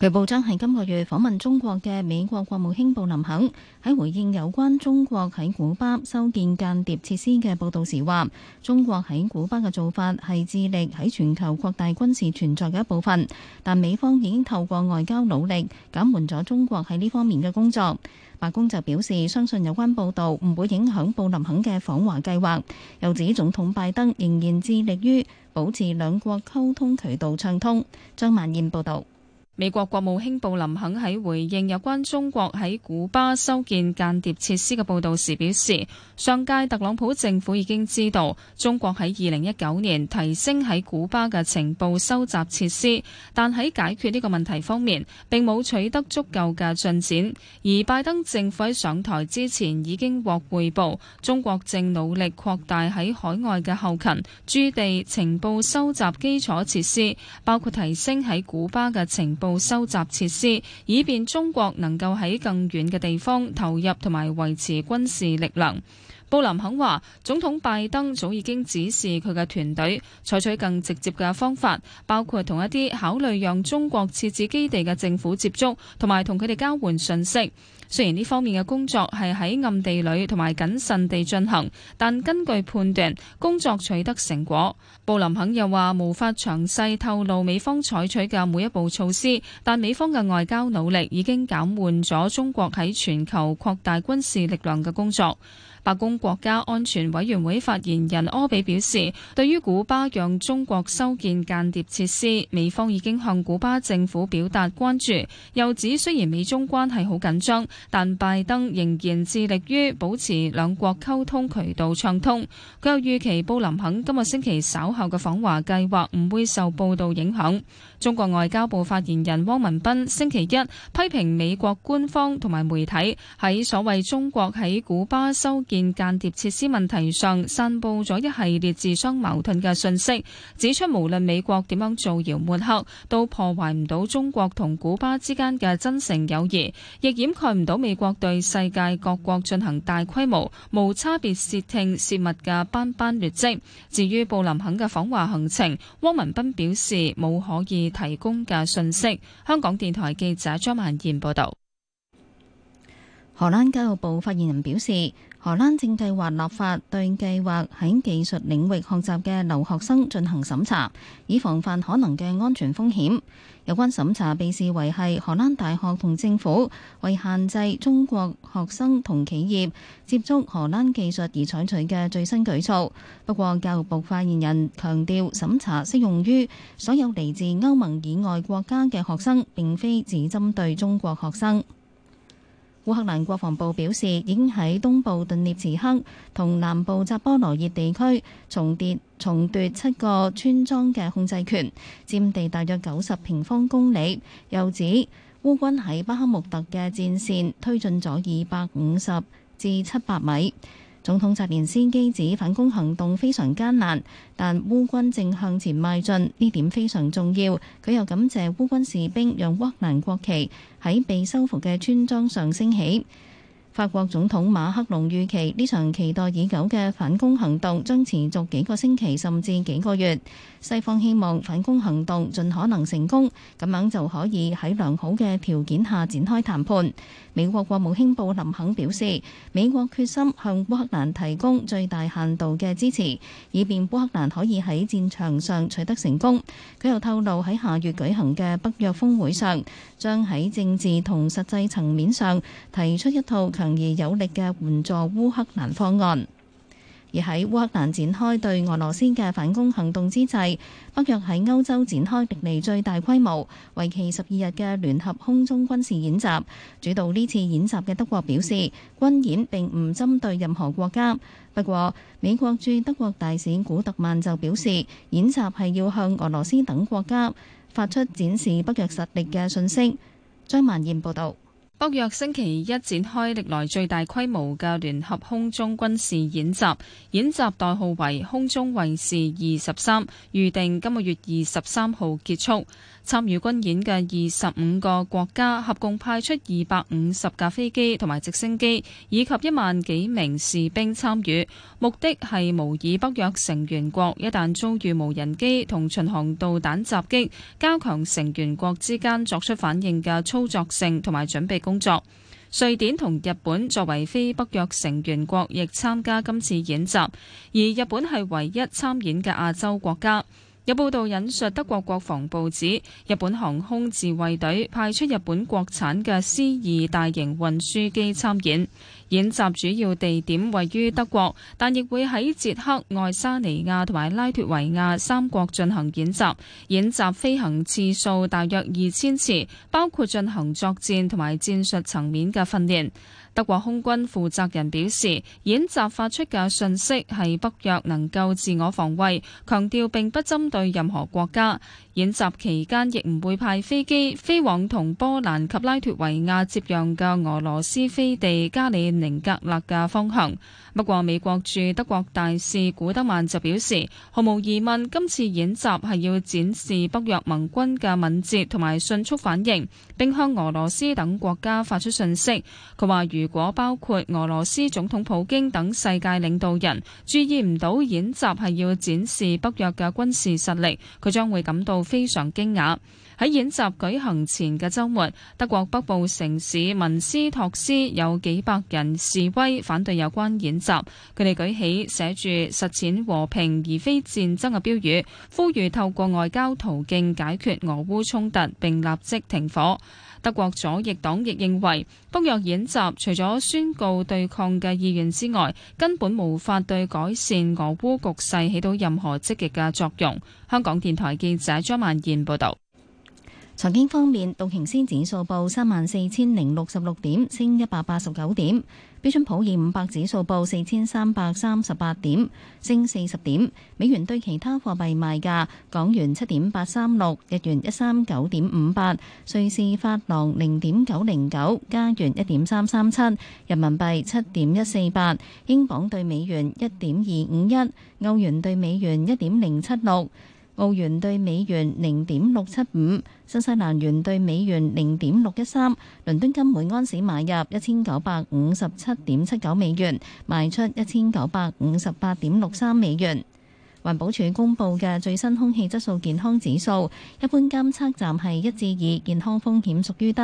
據報章係今個月訪問中國嘅美國國務卿布林肯喺回應有關中國喺古巴修建間諜設施嘅報導時話，中國喺古巴嘅做法係致力喺全球擴大軍事存在嘅一部分，但美方已經透過外交努力減緩咗中國喺呢方面嘅工作。白宮就表示相信有關報導唔會影響布林肯嘅訪華計劃，又指總統拜登仍然致力於保持兩國溝通渠道暢通。張曼燕報道。美國國務卿布林肯喺回應有關中國喺古巴修建間諜設施嘅報道時表示，上屆特朗普政府已經知道中國喺二零一九年提升喺古巴嘅情報收集設施，但喺解決呢個問題方面，並冇取得足夠嘅進展。而拜登政府喺上台之前已經獲匯報，中國正努力擴大喺海外嘅後勤、駐地情報收集基礎設施，包括提升喺古巴嘅情報，收集設施，以便中國能夠喺更遠嘅地方投入同埋維持軍事力量。布林肯話：總統拜登早已經指示佢嘅團隊採取更直接嘅方法，包括同一啲考慮讓中國設置基地嘅政府接觸，同埋同佢哋交換信息。雖然呢方面嘅工作係喺暗地裏同埋謹慎地進行，但根據判斷，工作取得成果。布林肯又話：無法詳細透露美方採取嘅每一步措施，但美方嘅外交努力已經減緩咗中國喺全球擴大軍事力量嘅工作。白宮國家安全委員會發言人柯比表示，對於古巴讓中國修建間諜設施，美方已經向古巴政府表達關注。又指雖然美中關係好緊張，但拜登仍然致力於保持兩國溝通渠道暢通。佢又預期布林肯今個星期稍後嘅訪華計劃唔會受報道影響。中國外交部發言人汪文斌星期一批評美國官方同埋媒體喺所謂中國喺古巴修建，見間諜設施問題上散布咗一系列自相矛盾嘅信息，指出無論美國點樣造謠抹黑，都破壞唔到中國同古巴之間嘅真誠友誼，亦掩蓋唔到美國對世界各國進行大規模、無差別竊聽竊密嘅斑斑劣跡。至於布林肯嘅訪華行程，汪文斌表示冇可以提供嘅信息。香港電台記者張曼燕報道。荷蘭教育部發言人表示。荷蘭正計劃立法對計劃喺技術領域學習嘅留學生進行審查，以防範可能嘅安全風險。有關審查被視為係荷蘭大學同政府為限制中國學生同企業接觸荷蘭技術而採取嘅最新舉措。不過，教育部發言人強調，審查適用於所有嚟自歐盟以外國家嘅學生，並非只針對中國學生。烏克蘭國防部表示，已經喺東部頓涅茨克同南部扎波羅熱地區重奪重奪七個村莊嘅控制權，佔地大約九十平方公里。又指烏軍喺巴克穆特嘅戰線推進咗二百五十至七百米。總統澤連斯基指反攻行動非常艱難，但烏軍正向前邁進，呢點非常重要。佢又感謝烏軍士兵讓烏蘭國旗喺被收復嘅村莊上升起。法國總統馬克龍預期，呢場期待已久嘅反攻行動將持續幾個星期，甚至幾個月。西方希望反攻行動盡可能成功，咁樣就可以喺良好嘅條件下展開談判。美國國務卿布林肯表示，美國決心向烏克蘭提供最大限度嘅支持，以便烏克蘭可以喺戰場上取得成功。佢又透露，喺下月舉行嘅北約峰會上，將喺政治同實際層面上提出一套強而有力嘅援助烏克蘭方案，而喺烏克蘭展開對俄羅斯嘅反攻行動之際，北約喺歐洲展開歷嚟最大規模、為期十二日嘅聯合空中軍事演習。主導呢次演習嘅德國表示，軍演並唔針對任何國家。不過，美國駐德國大使古特曼就表示，演習係要向俄羅斯等國家發出展示北約實力嘅信息。張曼燕報道。北約星期一展開歷來最大規模嘅聯合空中軍事演習，演習代號為空中衛士二十三，預定今個月二十三號結束。參與軍演嘅二十五個國家合共派出二百五十架飛機同埋直升機，以及一萬幾名士兵參與。目的係模擬北約成員國一旦遭遇無人機同巡航導彈襲擊，加強成員國之間作出反應嘅操作性同埋準備工作。瑞典同日本作為非北約成員國，亦參加今次演習，而日本係唯一參演嘅亞洲國家。有報道引述德國國防報紙，日本航空自衛隊派出日本國產嘅 C2 大型運輸機參演。演習主要地點位於德國，但亦會喺捷克、愛沙尼亞同埋拉脱維亞三國進行演習。演習飛行次數大約二千次，包括進行作戰同埋戰術層面嘅訓練。德國空軍負責人表示，演習發出嘅訊息係北約能夠自我防衛，強調並不針對任何國家。演習期間亦唔會派飛機飛往同波蘭及拉脱維亞接壤嘅俄羅斯飛地加里寧格勒嘅方向。不過美國駐德國大使古德曼就表示，毫無疑問今次演習係要展示北約盟軍嘅敏捷同埋迅速反應，並向俄羅斯等國家發出訊息。佢話如果包括俄羅斯總統普京等世界領導人注意唔到演習係要展示北約嘅軍事實力，佢將會感到。非常驚訝。喺演習舉行前嘅週末，德國北部城市文斯托斯有幾百人示威反對有關演習，佢哋舉起寫住「實踐和平而非戰爭」嘅標語，呼籲透過外交途徑解決俄烏衝突並立即停火。德國左翼黨亦認為，北約演習除咗宣告對抗嘅意願之外，根本無法對改善俄烏局勢起到任何積極嘅作用。香港電台記者張曼燕報道。財經方面，道瓊斯指數報三萬四千零六十六點，升一百八十九點。標準普爾五百指數報四千三百三十八點，升四十點。美元對其他貨幣賣價：港元七點八三六，日元一三九點五八，瑞士法郎零點九零九，加元一點三三七，人民幣七點一四八，英鎊對美元一點二五一，歐元對美元一點零七六，澳元對美元零點六七五。新西蘭元兌美元零點六一三，倫敦金每安士買入一千九百五十七點七九美元，賣出一千九百五十八點六三美元。環保署公布嘅最新空氣質素健康指數，一般監測站係一至二，健康風險屬於低；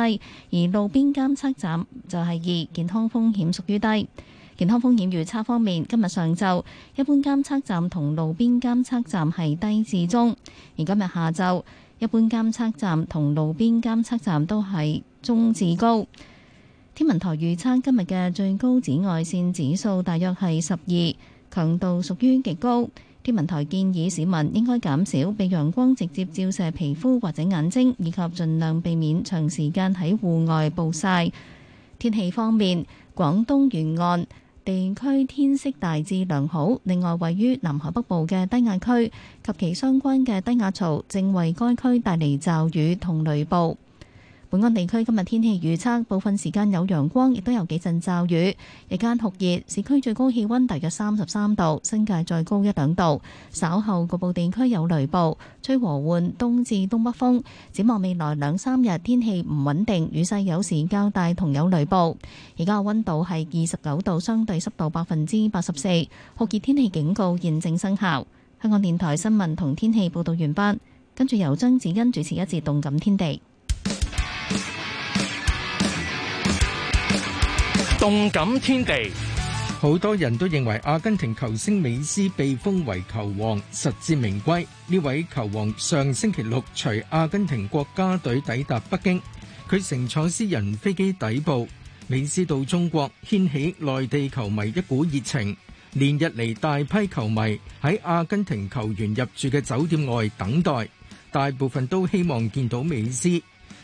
而路邊監測站就係二，健康風險屬於低。健康風險預測方面，今日上晝，一般監測站同路邊監測站係低至中，而今日下晝。一般監測站同路邊監測站都係中至高。天文台預測今日嘅最高紫外線指數大約係十二，強度屬於極高。天文台建議市民應該減少被陽光直接照射皮膚或者眼睛，以及盡量避免長時間喺戶外暴曬。天氣方面，廣東沿岸。地區天色大致良好，另外位於南海北部嘅低壓區及其相關嘅低壓槽，正為該區帶嚟驟雨同雷暴。本港地區今日天氣預測，部分時間有陽光，亦都有幾陣驟雨。日間酷熱，市區最高氣溫大約三十三度，新界再高一兩度。稍後局部地區有雷暴，吹和緩東至東北風。展望未來兩三日天氣唔穩定，雨勢有時較大，同有雷暴。而家嘅溫度係二十九度，相對濕度百分之八十四。酷熱天氣警告現正生效。香港電台新聞同天氣報道完畢，跟住由張子欣主持一節《動感天地》。動感天地，好多人都認為阿根廷球星美斯被封為球王，實至名歸。呢位球王上星期六隨阿根廷國家隊抵達北京，佢乘坐私人飛機抵步。美斯到中國掀起內地球迷一股熱情，連日嚟大批球迷喺阿根廷球員入住嘅酒店外等待，大部分都希望見到美斯。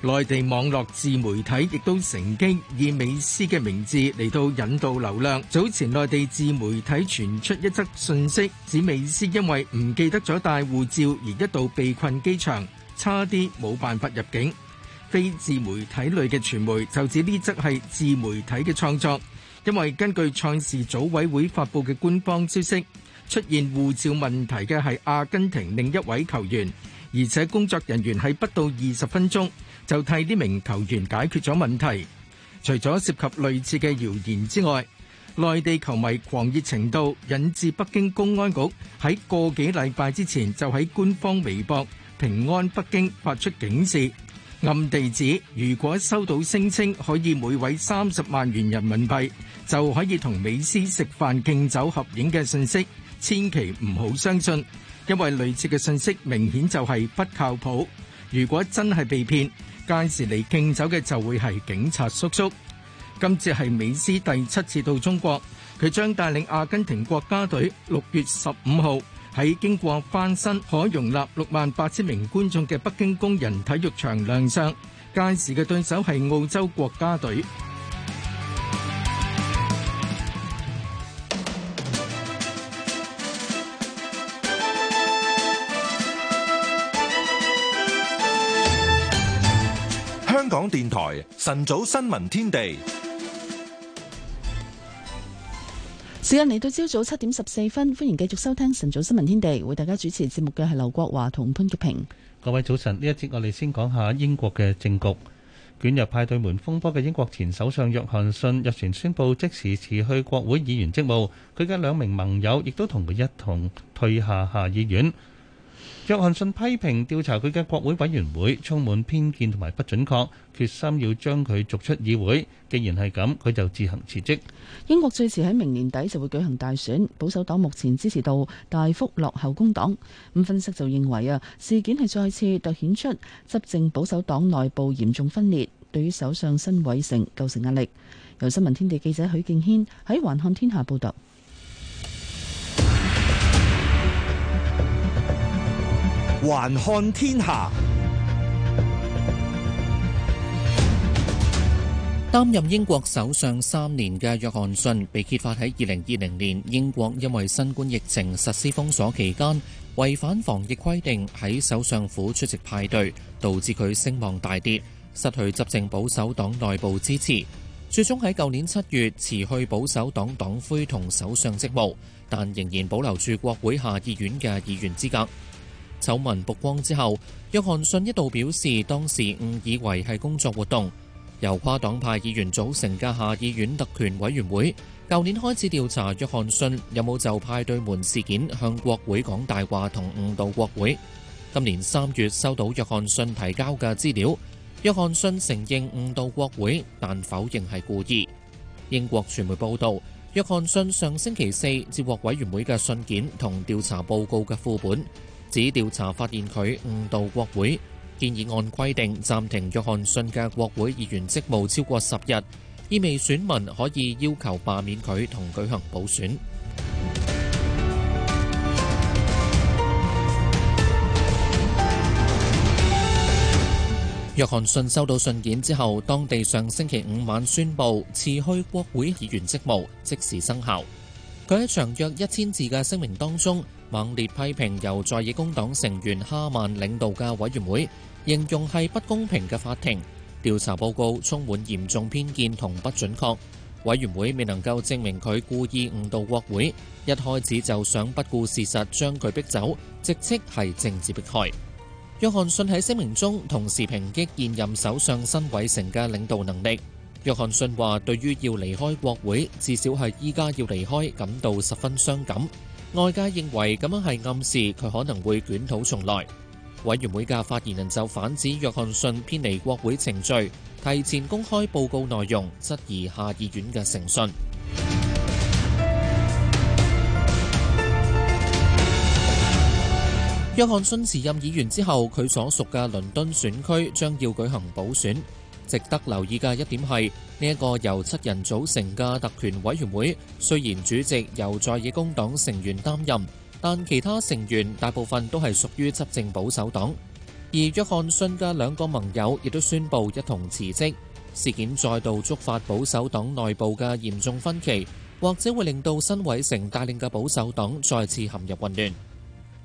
內地網絡自媒體亦都乘機以美斯嘅名字嚟到引導流量。早前內地自媒體傳出一則訊息，指美斯因為唔記得咗帶護照而一度被困機場，差啲冇辦法入境。非自媒體類嘅傳媒就指呢則係自媒體嘅創作，因為根據賽事組委會發布嘅官方消息，出現護照問題嘅係阿根廷另一位球員，而且工作人員喺不到二十分鐘，就替呢名球員解決咗問題。除咗涉及類似嘅謠言之外，內地球迷狂熱程度引致北京公安局喺個幾禮拜之前就喺官方微博平安北京發出警示，暗地指如果收到聲稱可以每位三十萬元人民幣就可以同美斯食飯敬酒合影嘅信息，千祈唔好相信，因為類似嘅信息明顯就係不靠譜。如果真係被騙。屆時嚟敬酒嘅就會係警察叔叔。今次係美斯第七次到中國，佢將帶領阿根廷國家隊六月十五號喺經過翻新、可容納六萬八千名觀眾嘅北京工人體育場亮相。屆時嘅對手係澳洲國家隊。港電台晨早新聞天地，時間嚟到朝早七點十四分，歡迎繼續收聽晨早新聞天地，為大家主持節目嘅係劉國華同潘潔平。各位早晨，呢一節我哋先講下英國嘅政局，捲入派對門風波嘅英國前首相約翰遜日前宣布即時辭去國會議員職務，佢嘅兩名盟友亦都同佢一同退下下議院。約翰遜批評調查佢嘅國會委員會充滿偏見同埋不準確，決心要將佢逐出議會。既然係咁，佢就自行辭職。英國最遲喺明年底就會舉行大選，保守黨目前支持度大幅落後工黨。咁分析就認為啊，事件係再次凸顯出執政保守黨內部嚴重分裂，對於首相辛偉誠構成壓力。由新聞天地記者許敬軒喺環看天下報道。還看天下。擔任英國首相三年嘅約翰遜，被揭發喺二零二零年英國因為新冠疫情實施封鎖期間，違反防疫規定喺首相府出席派對，導致佢聲望大跌，失去執政保守黨內部支持，最終喺舊年七月辭去保守黨黨魁同首相職務，但仍然保留住國會下議院嘅議員資格。醜聞曝光之後，約翰遜一度表示當時誤以為係工作活動。由跨黨派議員組成嘅下議院特權委員會，舊年開始調查約翰遜有冇就派對門事件向國會講大話同誤導國會。今年三月收到約翰遜提交嘅資料，約翰遜承認誤導國會，但否認係故意。英國傳媒報道，約翰遜上星期四接獲委員會嘅信件同調查報告嘅副本。指調查發現佢誤導國會，建議按規定暫停約翰遜嘅國會議員職務超過十日，意味選民可以要求罷免佢同舉行補選。 約翰遜收到信件之後，當地上星期五晚宣布辭去國會議員職務，即時生效。佢喺長約一千字嘅聲明當中，猛烈批評由在野工黨成員哈曼領導嘅委員會，形容係不公平嘅法庭，調查報告充滿嚴重偏見同不準確。委員會未能夠證明佢故意誤導國會，一開始就想不顧事實將佢逼走，直斥係政治迫害。約翰遜喺聲明中同時抨擊現任首相辛偉誠嘅領導能力。約翰遜話：對於要離開國會，至少係依家要離開，感到十分傷感。外界認為咁樣係暗示佢可能會捲土重來。委員會嘅發言人就反指約翰遜偏離國會程序，提前公開報告內容，質疑下議院嘅誠信。 約翰遜辭任議員之後，佢所屬嘅倫敦選區將要舉行補選，值得留意嘅一點係，呢一個由七人組成嘅特權委員會，雖然主席由在野工黨成員擔任，但其他成員大部分都係屬於執政保守黨。而約翰遜嘅兩個盟友亦都宣布一同辭職。事件再度觸發保守黨內部嘅嚴重分歧，或者會令到辛偉誠帶領嘅保守黨再次陷入混亂。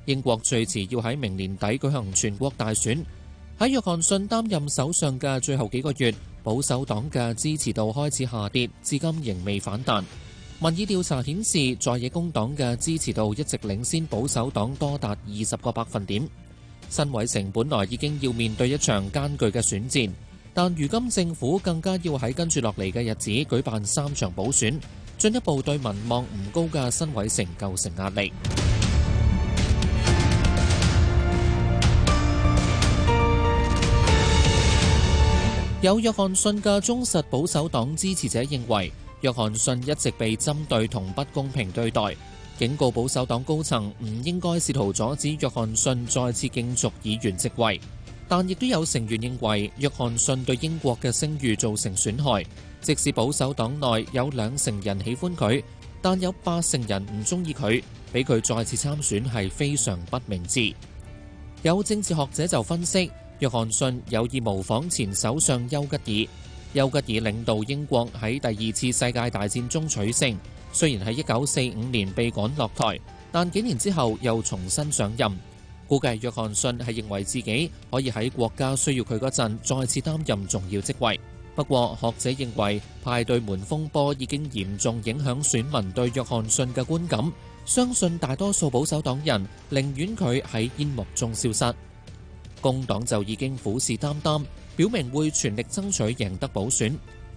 英國最遲要喺明年底舉行全國大選。喺約翰遜擔任首相嘅最後幾個月，保守黨嘅支持度開始下跌，至今仍未反彈。民意調查顯示，在野工黨嘅支持度一直領先保守黨多達二十個百分點。辛偉誠本來已經要面對一場艱巨嘅選戰，但如今政府更加要喺跟住落嚟嘅日子舉辦三場補選，進一步對民望唔高嘅辛偉誠構成壓力。有約翰遜嘅忠實保守黨支持者認為，約翰遜一直被針對同不公平對待，警告保守黨高層唔應該試圖阻止約翰遜再次競逐議員職位。但亦都有成員認為，約翰遜對英國嘅聲譽造成損害。即使保守黨內有兩成人喜歡佢，但有八成人唔中意佢，俾佢再次參選係非常不明智。有政治學者就分析：約翰遜有意模仿前首相丘吉爾，丘吉爾領導英國喺第二次世界大戰中取勝。雖然喺一九四五年被趕落台，但幾年之後又重新上任。估計約翰遜係認為自己可以喺國家需要佢嗰陣再次擔任重要職位。不過學者認為派對門風波已經嚴重影響選民對約翰遜嘅觀感，相信大多數保守黨人寧願佢喺煙幕中消失。工黨就已經虎視眈眈，表明會全力爭取贏得補選。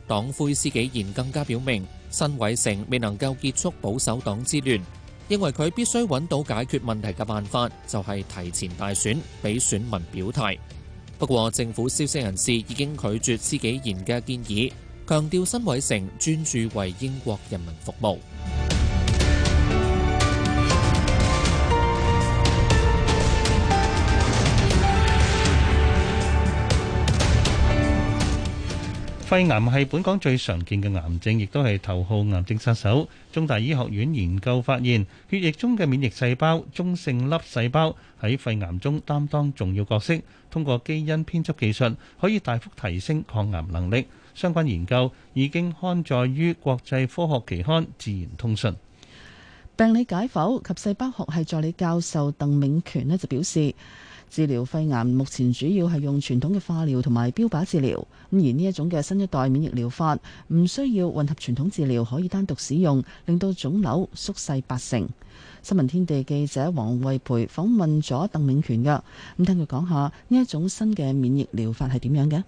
黨魁施紀賢更加表明，辛偉誠未能夠結束保守黨之亂，認為佢必須揾到解決問題嘅辦法，就係、是、提前大選，俾選民表態。不過，政府消息人士已經拒絕施紀賢嘅建議，強調辛偉誠專注為英國人民服務。肺癌係本港最常見嘅癌症，亦都係頭號癌症殺手。中大醫學院研究發現，血液中嘅免疫細胞中性粒細胞喺肺癌中擔當重要角色。通過基因編輯技術，可以大幅提升抗癌能力。相關研究已經刊載於國際科學期刊《自然通訊》。病理解剖及細胞學系助理教授鄧銘權呢就表示。治療肺癌目前主要係用傳統嘅化療同埋標靶治療，咁而呢一種嘅新一代免疫療法唔需要混合傳統治療，可以單獨使用，令到腫瘤縮細八成。新聞天地記者黃慧培訪問咗鄧永權㗎，咁聽佢講下呢一種新嘅免疫療法係點樣嘅？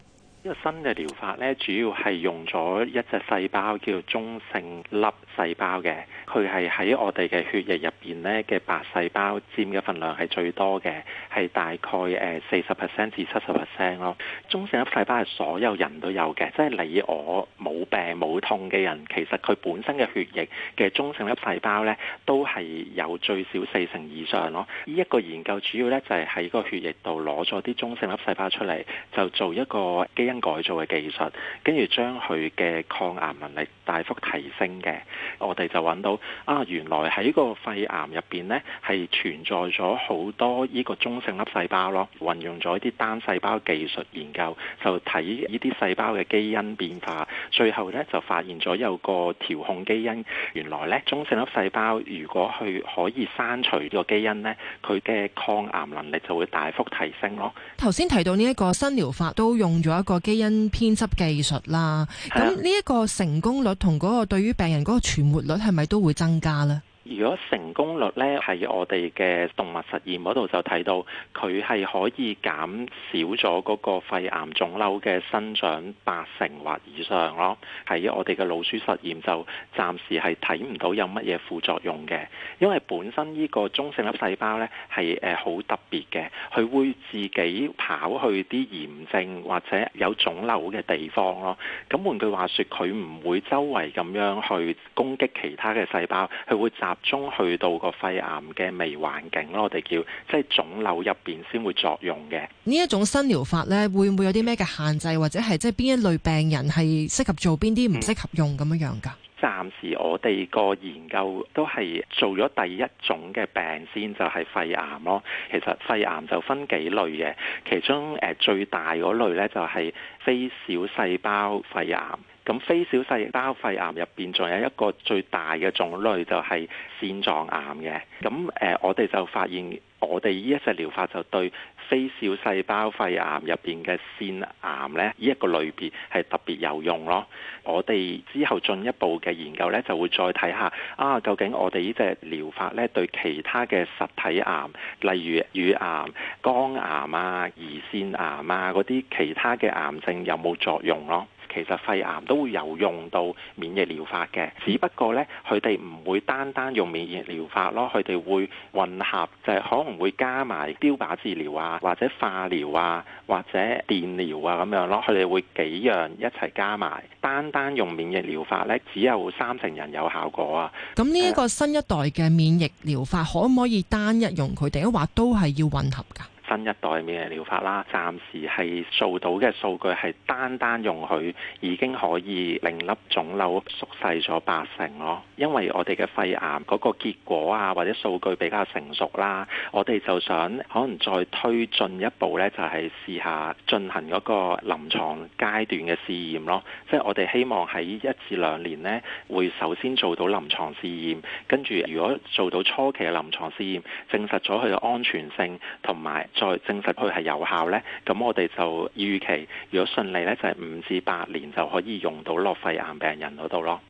新嘅療法咧，主要係用咗一隻細胞叫中性粒細胞嘅，佢係喺我哋嘅血液入邊咧嘅白細胞佔嘅份量係最多嘅，係大概誒四十 percent 至七十 percent 咯。中性粒細胞係所有人都有嘅，即係你我冇病冇痛嘅人，其實佢本身嘅血液嘅中性粒細胞咧都係有最少四成以上咯。呢一個研究主要咧就係喺個血液度攞咗啲中性粒細胞出嚟，就做一個基因。改造嘅技術，跟住將佢嘅抗癌能力大幅提升嘅。我哋就揾到啊，原來喺個肺癌入邊咧，係存在咗好多呢個中性粒細胞咯。運、嗯、用咗一啲單細胞技術研究，就睇呢啲細胞嘅基因變化，最後咧就發現咗有個調控基因。原來咧，中性粒細胞如果去可以刪除呢個基因咧，佢嘅抗癌能力就會大幅提升咯。頭先提到呢一個新療法，都用咗一個。基因編輯技術啦，咁呢一個成功率同嗰個對於病人嗰個存活率係咪都會增加咧？如果成功率咧，喺我哋嘅動物實驗嗰度就睇到佢係可以減少咗嗰個肺癌腫瘤嘅生長八成或以上咯。喺我哋嘅老鼠實驗就暫時係睇唔到有乜嘢副作用嘅，因為本身呢個中性粒細胞咧係誒好特別嘅，佢會自己跑去啲炎症或者有腫瘤嘅地方咯。咁換句話說，佢唔會周圍咁樣去攻擊其他嘅細胞，佢會集中去到個肺癌嘅微環境咯，我哋叫即係腫瘤入邊先會作用嘅。呢一種新療法咧，會唔會有啲咩嘅限制，或者係即係邊一類病人係適合做邊啲，唔適合用咁樣樣噶？嗯、暫時我哋個研究都係做咗第一種嘅病先，就係肺癌咯。其實肺癌就分幾類嘅，其中誒最大嗰類咧，就係非小細胞肺癌。咁非小細胞肺癌入邊仲有一個最大嘅種類就係腺狀癌嘅。咁誒，我哋就發現我哋呢一隻療法就對非小細胞肺癌入邊嘅腺癌呢，呢一個類別係特別有用咯。我哋之後進一步嘅研究呢，就會再睇下啊，究竟我哋呢隻療法咧對其他嘅實體癌，例如乳癌、肝癌啊、胰腺癌啊嗰啲其他嘅癌症有冇作用咯。其實肺癌都會有用到免疫療法嘅，只不過呢，佢哋唔會單單用免疫療法咯，佢哋會混合，就係可能會加埋標靶治療啊，或者化療啊，或者電療啊咁樣咯，佢哋會幾樣一齊加埋。單單用免疫療法呢，只有三成人有效果啊。咁呢一個新一代嘅免疫療法可唔可以單一用？佢哋一話都係要混合㗎。新一代免疫療法啦，暫時係做到嘅數據係單單用佢已經可以令粒腫瘤縮細咗八成咯。因為我哋嘅肺癌嗰個結果啊或者數據比較成熟啦，我哋就想可能再推進一步咧，就係試下進行嗰個臨床階段嘅試驗咯。即係我哋希望喺一至兩年咧，會首先做到臨床試驗，跟住如果做到初期嘅臨床試驗證實咗佢嘅安全性同埋。再證實佢係有效呢，咁我哋就預期，如果順利呢，就係五至八年就可以用到落肺癌病人嗰度咯。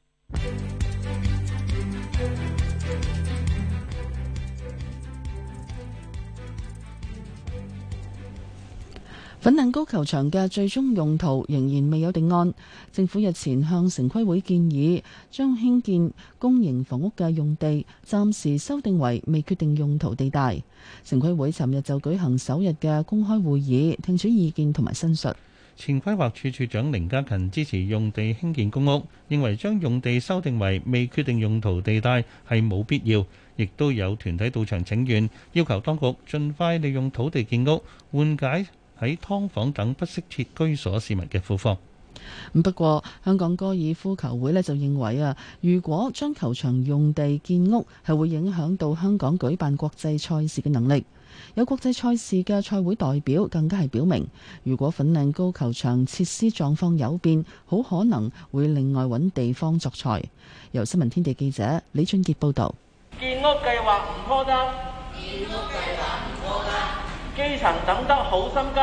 粉嶺高球場嘅最終用途仍然未有定案。政府日前向城規會建議，將興建公營房屋嘅用地暫時修訂為未決定用途地帶。城規會尋日就舉行首日嘅公開會議，聽取意見同埋申述。前規劃處處長凌家勤支持用地興建公屋，認為將用地修訂為未決定用途地帶係冇必要。亦都有團體到場請願，要求當局盡快利用土地建屋，緩解喺劏房等不適切居所，市民嘅苦況。不過，香港高爾夫球會咧就認為啊，如果將球場用地建屋，係會影響到香港舉辦國際賽事嘅能力。有國際賽事嘅賽會代表更加係表明，如果粉嶺高球場設施狀況有變，好可能會另外揾地方作賽。由新聞天地記者李俊傑報道。基層等得好心急，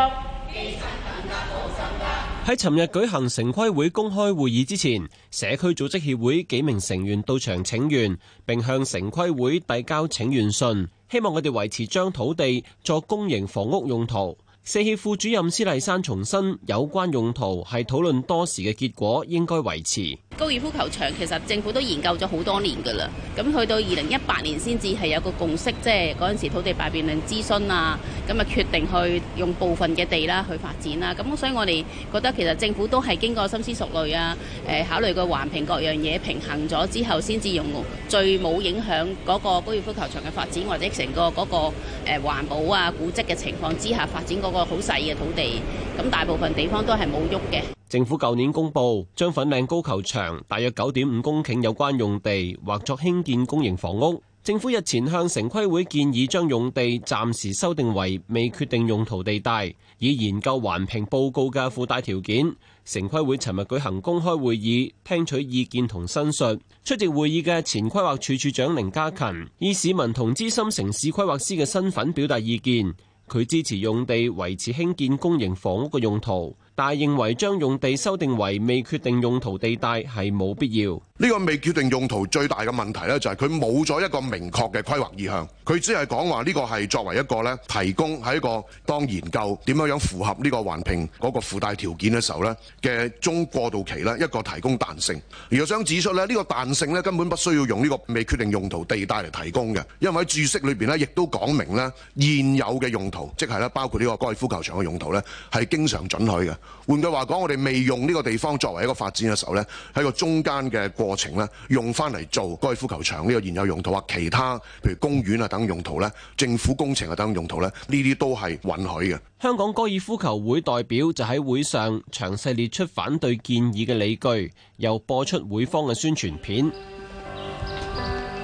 基層等得好心急，喺尋日舉行城規會公開會議之前，社區組織協會幾名成員到場請願，並向城規會遞交請願信，希望佢哋維持將土地作公營房屋用途。社協副主任施麗珊重申，有關用途係討論多時嘅結果，應該維持。高爾夫球場其實政府都研究咗好多年噶啦，咁去到二零一八年先至係有個共識，即係嗰陣時土地大辯論諮詢啊，咁啊決定去用部分嘅地啦去發展啦，咁所以我哋覺得其實政府都係經過深思熟慮啊，誒考慮過環評各樣嘢平衡咗之後，先至用最冇影響嗰個高爾夫球場嘅發展，或者成個嗰個誒環保啊古蹟嘅情況之下發展嗰、那個。個好細嘅土地，咁大部分地方都係冇喐嘅。政府舊年公布將粉嶺高球場大約九點五公頃有關用地劃作興建公營房屋。政府日前向城規會建議將用地暫時修訂為未決定用途地帶，以研究環評報告嘅附帶條件。城規會尋日舉行公開會議，聽取意見同申述。出席會議嘅前規劃署署長凌嘉勤以市民同資深城市規劃師嘅身份表達意見。佢支持用地維持興建公營房屋嘅用途。但係認為將用地修訂為未決定用途地帶係冇必要。呢個未決定用途最大嘅問題咧，就係佢冇咗一個明確嘅規劃意向。佢只係講話呢個係作為一個咧提供喺一個當研究點樣樣符合呢個環評嗰個附帶條件嘅時候咧嘅中過渡期啦，一個提供彈性。而我想指出咧，呢個彈性咧根本不需要用呢個未決定用途地帶嚟提供嘅，因為喺注釋裏邊咧亦都講明咧現有嘅用途，即係咧包括呢個高爾夫球場嘅用途咧係經常准許嘅。換句話講，我哋未用呢個地方作為一個發展嘅時候呢，喺個中間嘅過程呢，用翻嚟做高爾夫球場呢個現有用途啊，或者其他譬如公園啊等用途呢，政府工程啊等用途呢，呢啲都係允許嘅。香港高爾夫球會代表就喺會上詳細列出反對建議嘅理據，又播出會方嘅宣傳片。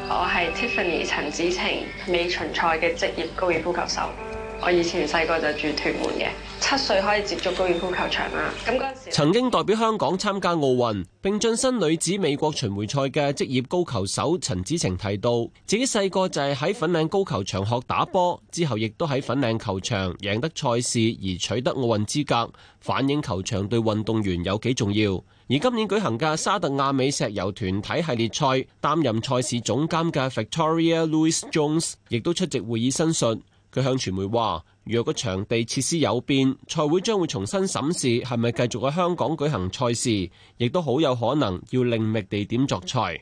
我係 Tiffany 陳子晴，美巡賽嘅職業高爾夫球手。我以前細個就住屯門嘅，七歲可以接觸高爾夫球場啦。咁嗰時曾經代表香港參加奧運並晉身女子美國巡迴賽嘅職業高球手陳芷晴提到，自己細個就係喺粉嶺高球場學打波，之後亦都喺粉嶺球場贏得賽事而取得奧運資格，反映球場對運動員有幾重要。而今年舉行嘅沙特亞美石油團體系列賽，擔任賽事總監嘅 Victoria Louise Jones 亦都出席會議申述。佢向傳媒話：若個場地設施有變，賽會將會重新審視係咪繼續喺香港舉行賽事，亦都好有可能要另覓地點作賽。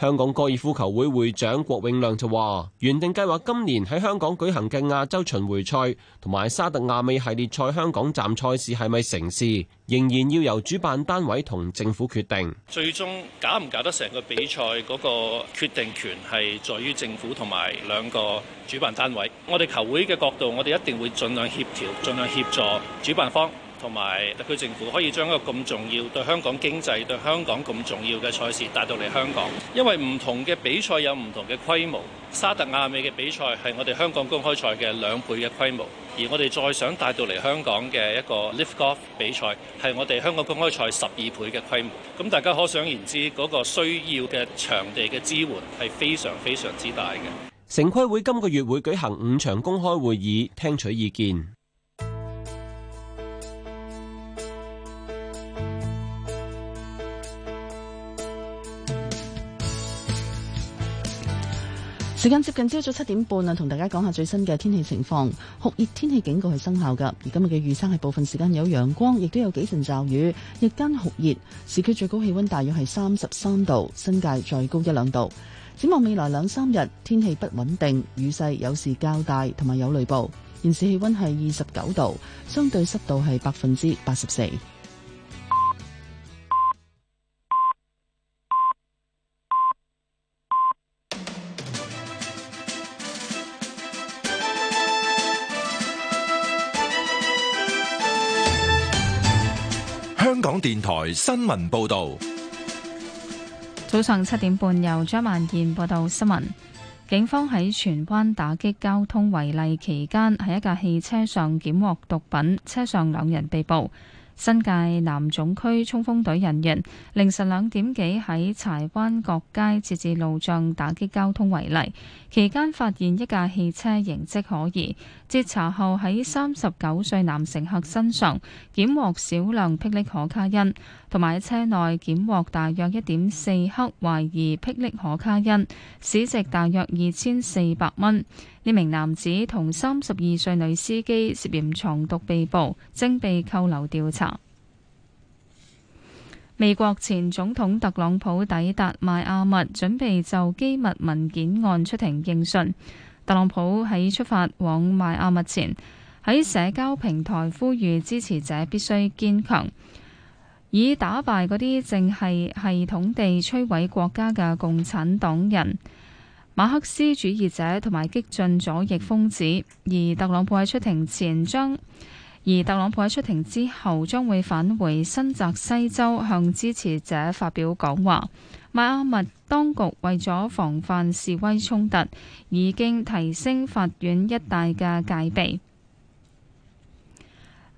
香港高爾夫球會會長郭永亮就話，原定計劃今年喺香港舉行嘅亞洲巡迴賽同埋沙特亞美系列賽香港站賽事係咪成事，仍然要由主辦單位同政府決定。最終搞唔搞得成個比賽嗰個決定權係在於政府同埋兩個主辦單位。我哋球會嘅角度，我哋一定會盡量協調，盡量協助主辦方。同埋特區政府可以將一個咁重要，對香港經濟、對香港咁重要嘅賽事帶到嚟香港，因為唔同嘅比賽有唔同嘅規模。沙特亞美嘅比賽係我哋香港公開賽嘅兩倍嘅規模，而我哋再想帶到嚟香港嘅一個 Lift Golf 比賽係我哋香港公開賽十二倍嘅規模。咁大家可想而知，嗰個需要嘅場地嘅支援係非常非常之大嘅。城規會今個月會舉行五場公開會議，聽取意見。時間接近朝早七點半啊，同大家講下最新嘅天氣情況。酷熱天氣警告係生效噶，而今日嘅預測係部分時間有陽光，亦都有幾陣驟雨。日間酷熱，市區最高氣溫大約係三十三度，新界再高一兩度。展望未來兩三日，天氣不穩定，雨勢有時較大，同埋有雷暴。現時氣溫係二十九度，相對濕度係百分之八十四。香港電台新聞報道：早上七點半，由張萬燕報道新聞。警方喺荃灣打擊交通違例期間，喺一架汽車上檢獲毒品，車上兩人被捕。新界南總區衝鋒隊人員凌晨兩點幾喺柴灣各街設置路障打擊交通違例，期間發現一架汽車形跡可疑，截查後喺三十九歲男乘客身上檢獲少量霹靂可卡因。同埋喺車內檢獲大約一點四克懷疑霹靂可卡因，市值大約二千四百蚊。呢名男子同三十二歲女司機涉嫌藏毒被捕，正被扣留調查。美國前總統特朗普抵達邁阿密，準備就機密文件案出庭應訊。特朗普喺出發往邁阿密前，喺社交平台呼籲支持者必須堅強。以打敗嗰啲正係系統地摧毀國家嘅共產黨人、馬克思主義者同埋激進左翼瘋子。而特朗普喺出庭前將而特朗普喺出庭之後將會返回新澤西州，向支持者發表講話，邁阿密當局為咗防範示威衝突，已經提升法院一帶嘅戒備。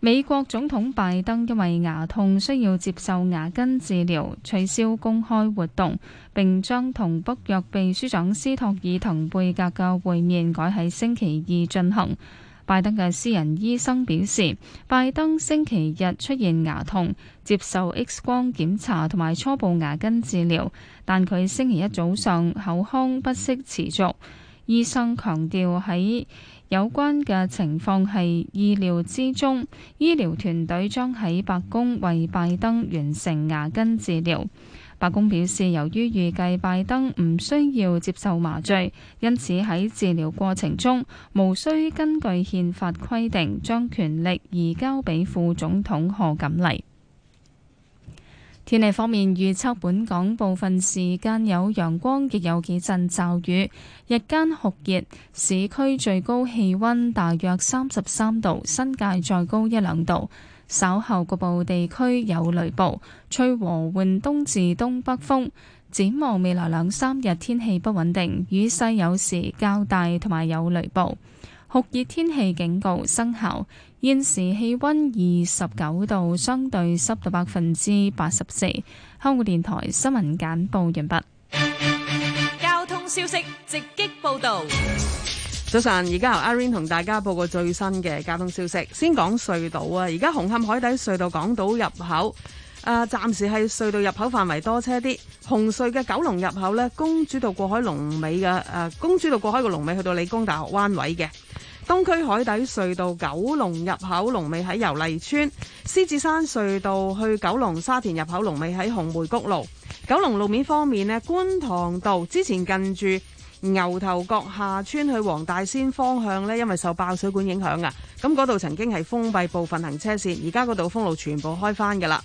美國總統拜登因為牙痛需要接受牙根治療，取消公開活動，並將同北約秘書長斯托爾滕貝格嘅會面改喺星期二進行。拜登嘅私人醫生表示，拜登星期日出現牙痛，接受 X 光檢查同埋初步牙根治療，但佢星期一早上口腔不適持續。醫生強調喺有關嘅情況係意料之中，醫療團隊將喺白宮為拜登完成牙根治療。白宮表示，由於預計拜登唔需要接受麻醉，因此喺治療過程中，無需根據憲法規定將權力移交俾副總統賀錦麗。天氣方面，預測，本港部分時間有陽光，亦有幾陣驟雨。日間酷熱，市區最高氣溫大約三十三度，新界再高一兩度。稍後局部地區有雷暴，吹和緩東至東北風。展望未來兩三日天氣不穩定，雨勢有時較大，同埋有雷暴。酷熱天氣警告生效。現時氣溫二十九度，相對濕度百分之八十四。香港電台新聞簡報完畢。交通消息直擊報道。早晨，而家由阿 Rain 同大家報個最新嘅交通消息。先講隧道啊，而家紅磡海底隧道港島入口，誒、呃，暫時係隧道入口範圍多車啲。紅隧嘅九龍入口呢，公主道過海龍尾嘅，誒、呃，公主道過海個龍尾去到理工大學灣位嘅。東區海底隧道九龍入口龍尾喺油麗邨，獅子山隧道去九龍沙田入口龍尾喺紅梅谷路。九龍路面方面咧，觀塘道之前近住牛頭角下村去黃大仙方向咧，因為受爆水管影響啊，咁嗰度曾經係封閉部分行車線，而家嗰度封路全部開翻噶啦。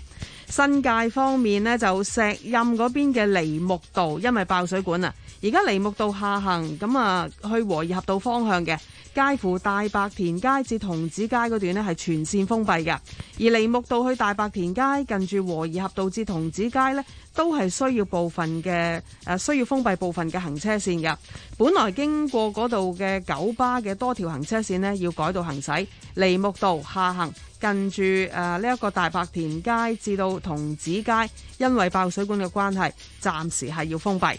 新界方面咧，就石蔭嗰邊嘅梨木道，因為爆水管啊。而家梨木道下行咁啊，去和宜合道方向嘅介乎大白田街至桐梓街嗰段咧，係全線封閉嘅。而梨木道去大白田街近住和宜合道至桐梓街咧，都係需要部分嘅、誒、啊，需要封閉部分嘅行車線嘅。本來經過嗰度嘅九巴嘅多條行車線咧，要改道行駛。梨木道下行近住誒呢一個大白田街至到桐梓街，因為爆水管嘅關係，暫時係要封閉。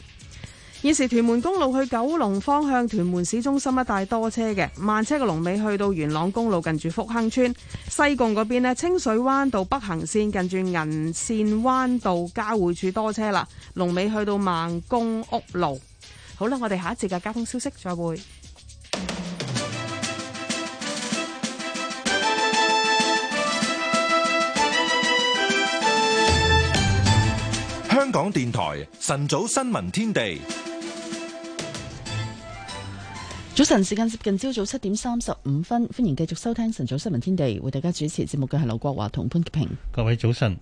現時屯門公路去九龍方向，屯門市中心一帶多車嘅，慢車嘅龍尾去到元朗公路近住福亨村西貢嗰邊咧，清水灣道北行線近住銀線灣道交匯處多車啦，龍尾去到孟公屋路。好啦，我哋下一節嘅交通消息再會。香港電台晨早新聞天地。早晨，時間接近朝早七點三十五分，歡迎繼續收聽晨早新聞天地，為大家主持節目嘅係劉國華同潘潔平。各位早晨，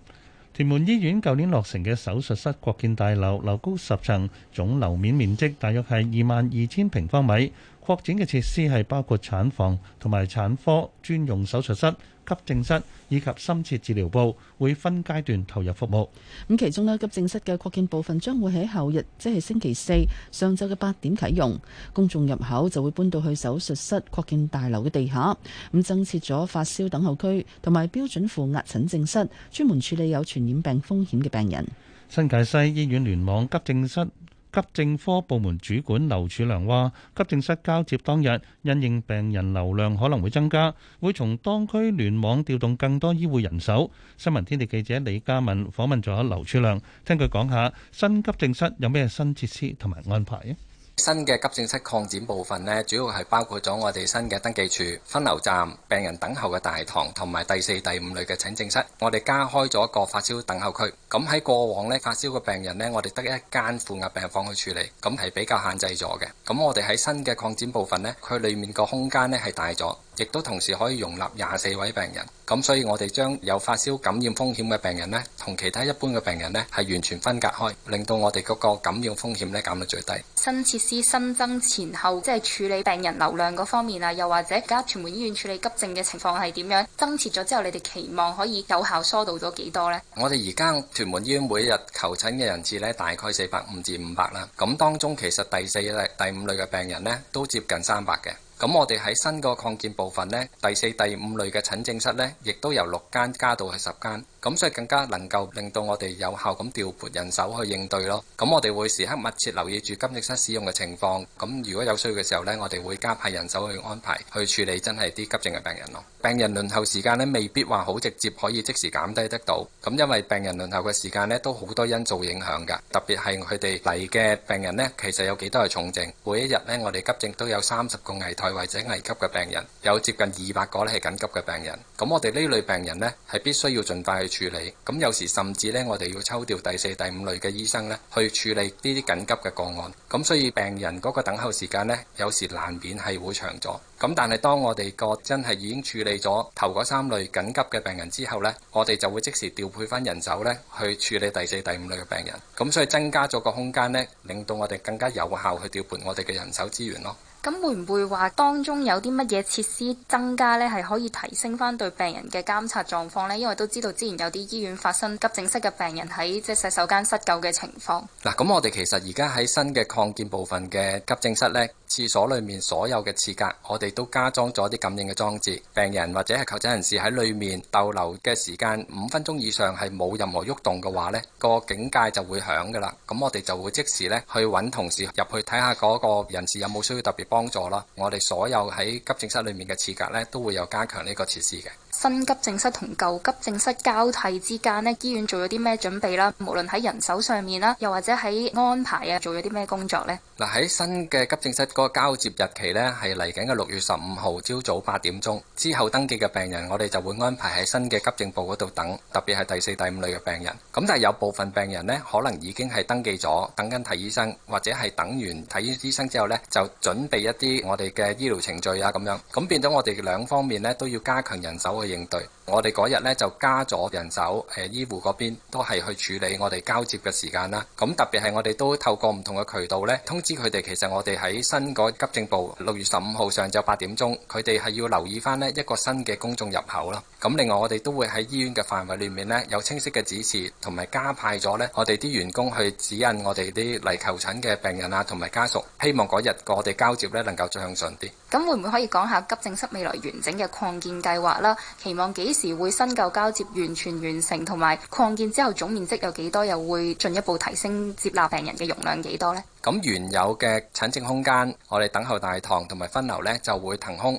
屯門醫院舊年落成嘅手術室擴建大樓，樓高十層，總樓面面積大約係二萬二千平方米。擴展嘅設施係包括產房同埋產科、專用手術室、急症室以及深切治療部，會分階段投入服務。咁其中呢，急症室嘅擴建部分將會喺後日，即係星期四上晝嘅八點啟用。公眾入口就會搬到去手術室擴建大樓嘅地下。咁增設咗發燒等候區同埋標準負壓診症室，專門處理有傳染病風險嘅病人。新界西醫院聯網急症室。急症科部門主管劉柱良話，急症室交接當日，因應病人流量可能會增加，會從當區聯網調動更多醫護人手。新聞天地記者李嘉敏訪問咗劉柱良，聽佢講下新急症室有咩新設施同埋安排。新嘅急症室擴展部分咧，主要係包括咗我哋新嘅登記處、分流站、病人等候嘅大堂，同埋第四、第五類嘅診症室。我哋加開咗一個發燒等候區。咁喺過往咧，發燒嘅病人咧，我哋得一間負壓病房去處理，咁係比較限制咗嘅。咁我哋喺新嘅擴展部分咧，佢裏面個空間咧係大咗。亦都同時可以容納廿四位病人，咁所以我哋將有發燒感染風險嘅病人呢，同其他一般嘅病人呢，係完全分隔開，令到我哋嗰個感染風險呢減到最低。新設施新增前後，即係處理病人流量嗰方面啊，又或者而家屯門醫院處理急症嘅情況係點樣？增設咗之後，你哋期望可以有效疏導咗幾多呢？我哋而家屯門醫院每日求診嘅人次呢，大概四百五至五百啦。咁當中其實第四類、第五類嘅病人呢，都接近三百嘅。咁我哋喺新個擴建部分咧，第四、第五類嘅診症室咧，亦都由六間加到去十間。咁所以更加能夠令到我哋有效咁調撥人手去應對咯。咁我哋會時刻密切留意住急症室使用嘅情況。咁如果有需要嘅時候呢，我哋會加派人手去安排去處理真係啲急症嘅病人咯。病人輪候時間呢，未必話好直接可以即時減低得到。咁因為病人輪候嘅時間呢，都好多因素影響㗎。特別係佢哋嚟嘅病人呢，其實有幾多係重症。每一日呢，我哋急症都有三十個危殆或者危急嘅病人，有接近二百個咧係緊急嘅病人。咁我哋呢類病人呢，係必須要盡快去處理咁有時甚至咧，我哋要抽調第四、第五類嘅醫生咧，去處理呢啲緊急嘅個案，咁所以病人嗰個等候時間咧，有時難免係會長咗。咁但係當我哋個真係已經處理咗頭嗰三類緊急嘅病人之後呢，我哋就會即時調配翻人手呢去處理第四、第五類嘅病人。咁所以增加咗個空間呢，令到我哋更加有效去調撥我哋嘅人手資源咯。咁會唔會話當中有啲乜嘢設施增加呢？係可以提升翻對病人嘅監察狀況呢？因為都知道之前有啲醫院發生急症室嘅病人喺即係洗手間失救嘅情況。嗱，咁我哋其實而家喺新嘅擴建部分嘅急症室呢，廁所裡面所有嘅廁格，我哋我哋都加裝咗啲感應嘅裝置，病人或者係求診人士喺裏面逗留嘅時間五分鐘以上係冇任何喐動嘅話呢，呢個警戒就會響噶啦。咁我哋就會即時咧去揾同事入去睇下嗰個人士有冇需要特別幫助啦。我哋所有喺急症室裏面嘅廁格呢，都會有加強呢個設施嘅。新急症室同舊急症室交替之間呢，醫院做咗啲咩準備啦？無論喺人手上面啦，又或者喺安排啊，做咗啲咩工作呢？嗱，喺新嘅急症室嗰個交接日期呢，係嚟緊嘅六月十五號朝早八點鐘之後登記嘅病人，我哋就會安排喺新嘅急症部嗰度等，特別係第四、第五類嘅病人。咁但係有部分病人呢，可能已經係登記咗，等緊睇醫生，或者係等完睇完醫生之後呢，就準備一啲我哋嘅醫療程序啊咁樣。咁變咗我哋兩方面呢，都要加強人手。應對我哋嗰日咧就加咗人手，誒醫護嗰邊都係去處理我哋交接嘅時間啦。咁特別係我哋都透過唔同嘅渠道咧通知佢哋，其實我哋喺新個急症部六月十五號上晝八點鐘，佢哋係要留意返呢一個新嘅公眾入口啦。咁另外我哋都會喺醫院嘅範圍裏面呢，有清晰嘅指示，同埋加派咗呢我哋啲員工去指引我哋啲嚟求診嘅病人啊，同埋家屬，希望嗰日我哋交接咧能夠再向上啲。咁會唔會可以講下急症室未來完整嘅擴建計劃啦？期望幾時會新舊交接完全完成，同埋擴建之後總面積有幾多，又會進一步提升接納病人嘅容量幾多呢？咁原有嘅診症空間，我哋等候大堂同埋分流呢，就會騰空。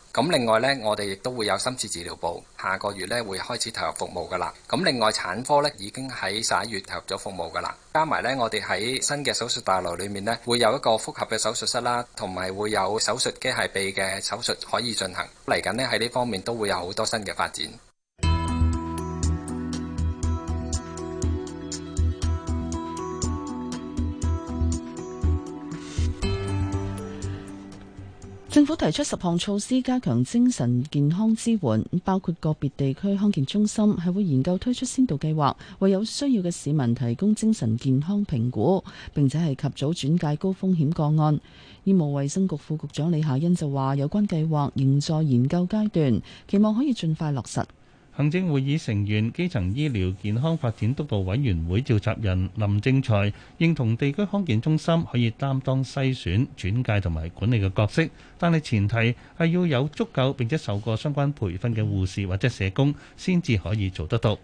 咁另外呢，我哋亦都會有深切治療部，下個月呢會開始投入服務㗎喇。咁另外產科呢已經喺十一月投入咗服務㗎喇。加埋呢，我哋喺新嘅手術大樓裏面呢，會有一個複合嘅手術室啦，同埋會有手術機械臂嘅手術可以進行。嚟緊呢，喺呢方面都會有好多新嘅發展。政府提出十項措施加強精神健康支援，包括個別地區康健中心係會研究推出先導計劃，為有需要嘅市民提供精神健康評估，並且係及早轉介高風險個案。醫務衛生局副局長李夏欣就話：有關計劃仍在研究階段，期望可以盡快落實。行政會議成員、基層醫療健康發展督導委員會召集人林正才認同地區康健中心可以擔當篩選、轉介同埋管理嘅角色，但係前提係要有足夠並且受過相關培訓嘅護士或者社工，先至可以做得到。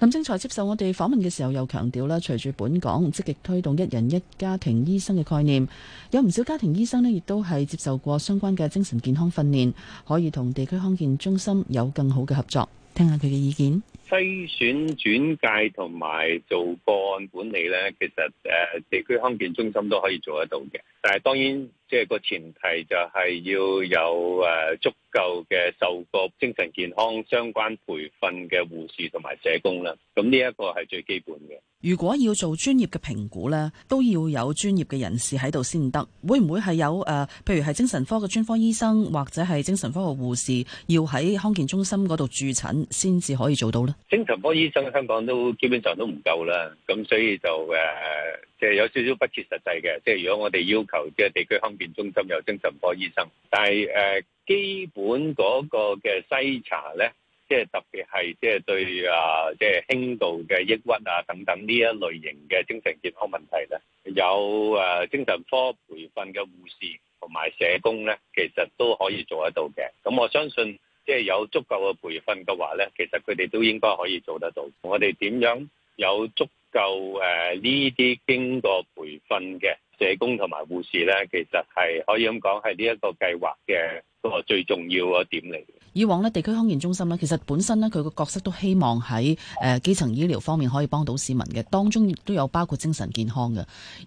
林正才接受我哋訪問嘅時候，又強調啦，隨住本港積極推動一人一家庭醫生嘅概念，有唔少家庭醫生呢亦都係接受過相關嘅精神健康訓練，可以同地區康健中心有更好嘅合作。聽下佢嘅意見，篩選轉介同埋做個案管理咧，其實誒，地區康健中心都可以做得到嘅。但係當然，即係個前提就係要有誒足夠嘅受過精神健康相關培訓嘅護士同埋社工啦。咁呢一個係最基本嘅。如果要做專業嘅評估咧，都要有專業嘅人士喺度先得。會唔會係有誒、呃、譬如係精神科嘅專科醫生或者係精神科嘅護士，要喺康健中心嗰度駐診先至可以做到呢？精神科醫生喺香港都基本上都唔夠啦，咁所以就誒，即、呃、係、就係、有少少不切實際嘅。即、就、係、係、如果我哋要求即係地區康健中心有精神科醫生，但係誒、呃、基本嗰個嘅篩查咧。即係特別係即係對啊，即係輕度嘅抑鬱啊等等呢一類型嘅精神健康問題咧，有誒精神科培訓嘅護士同埋社工咧，其實都可以做得到嘅。咁我相信即係有足夠嘅培訓嘅話咧，其實佢哋都應該可以做得到。我哋點樣有足夠誒呢啲經過培訓嘅社工同埋護士咧，其實係可以咁講，係呢一個計劃嘅。都係最重要嘅點嚟嘅。以往咧，地區康健中心咧，其實本身咧，佢個角色都希望喺誒、呃、基層醫療方面可以幫到市民嘅，當中亦都有包括精神健康嘅。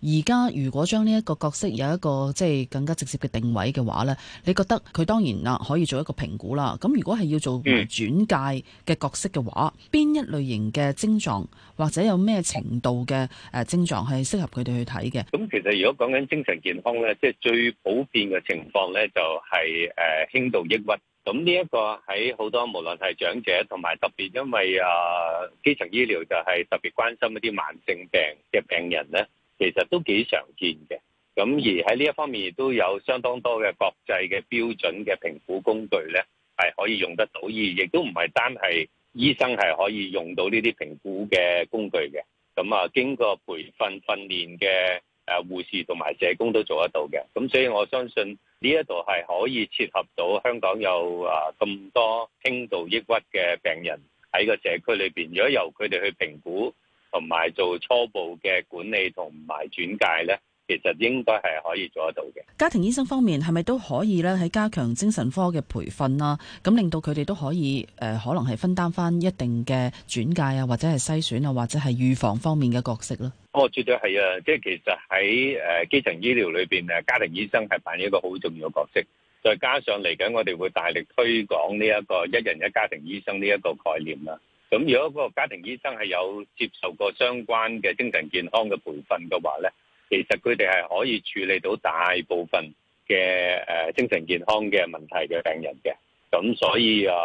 而家如果將呢一個角色有一個即係更加直接嘅定位嘅話咧，你覺得佢當然啦，可以做一個評估啦。咁如果係要做轉介嘅角色嘅話邊、嗯、一類型嘅症狀或者有咩程度嘅誒症狀係適合佢哋去睇嘅？咁、嗯、其實如果講緊精神健康咧，即係最普遍嘅情況咧、就是，就係誒。誒，輕度抑鬱，咁呢一個喺好多無論係長者，同埋特別因為啊基層醫療就係特別關心一啲慢性病嘅病人咧,其實都幾常見嘅。咁而喺呢一方面亦都有相當多嘅國際嘅標準嘅評估工具咧，係可以用得到。而亦都唔係單係醫生係可以用到呢啲評估嘅工具嘅。咁啊，經過培訓訓練嘅誒護士同埋社工都做得到嘅。咁所以我相信。呢一度係可以切合到香港有啊咁多輕度抑鬱嘅病人喺個社區裏邊，如果由佢哋去評估同埋做初步嘅管理同埋轉介呢。其實應該係可以做得到嘅。家庭醫生方面係咪都可以咧？喺加強精神科嘅培訓啦、啊，咁令到佢哋都可以誒、呃，可能係分擔翻一定嘅轉介啊，或者係篩選啊，或者係預防方面嘅角色咧。哦，絕對係啊！即係其實喺誒基層醫療裏邊啊，家庭醫生係扮演一個好重要嘅角色。再加上嚟緊我哋會大力推廣呢一個一人一家庭醫生呢一、這個概念啦。咁如果個家庭醫生係有接受過相關嘅精神健康嘅培訓嘅話咧？其實佢哋係可以處理到大部分嘅誒精神健康嘅問題嘅病人嘅，咁所以啊，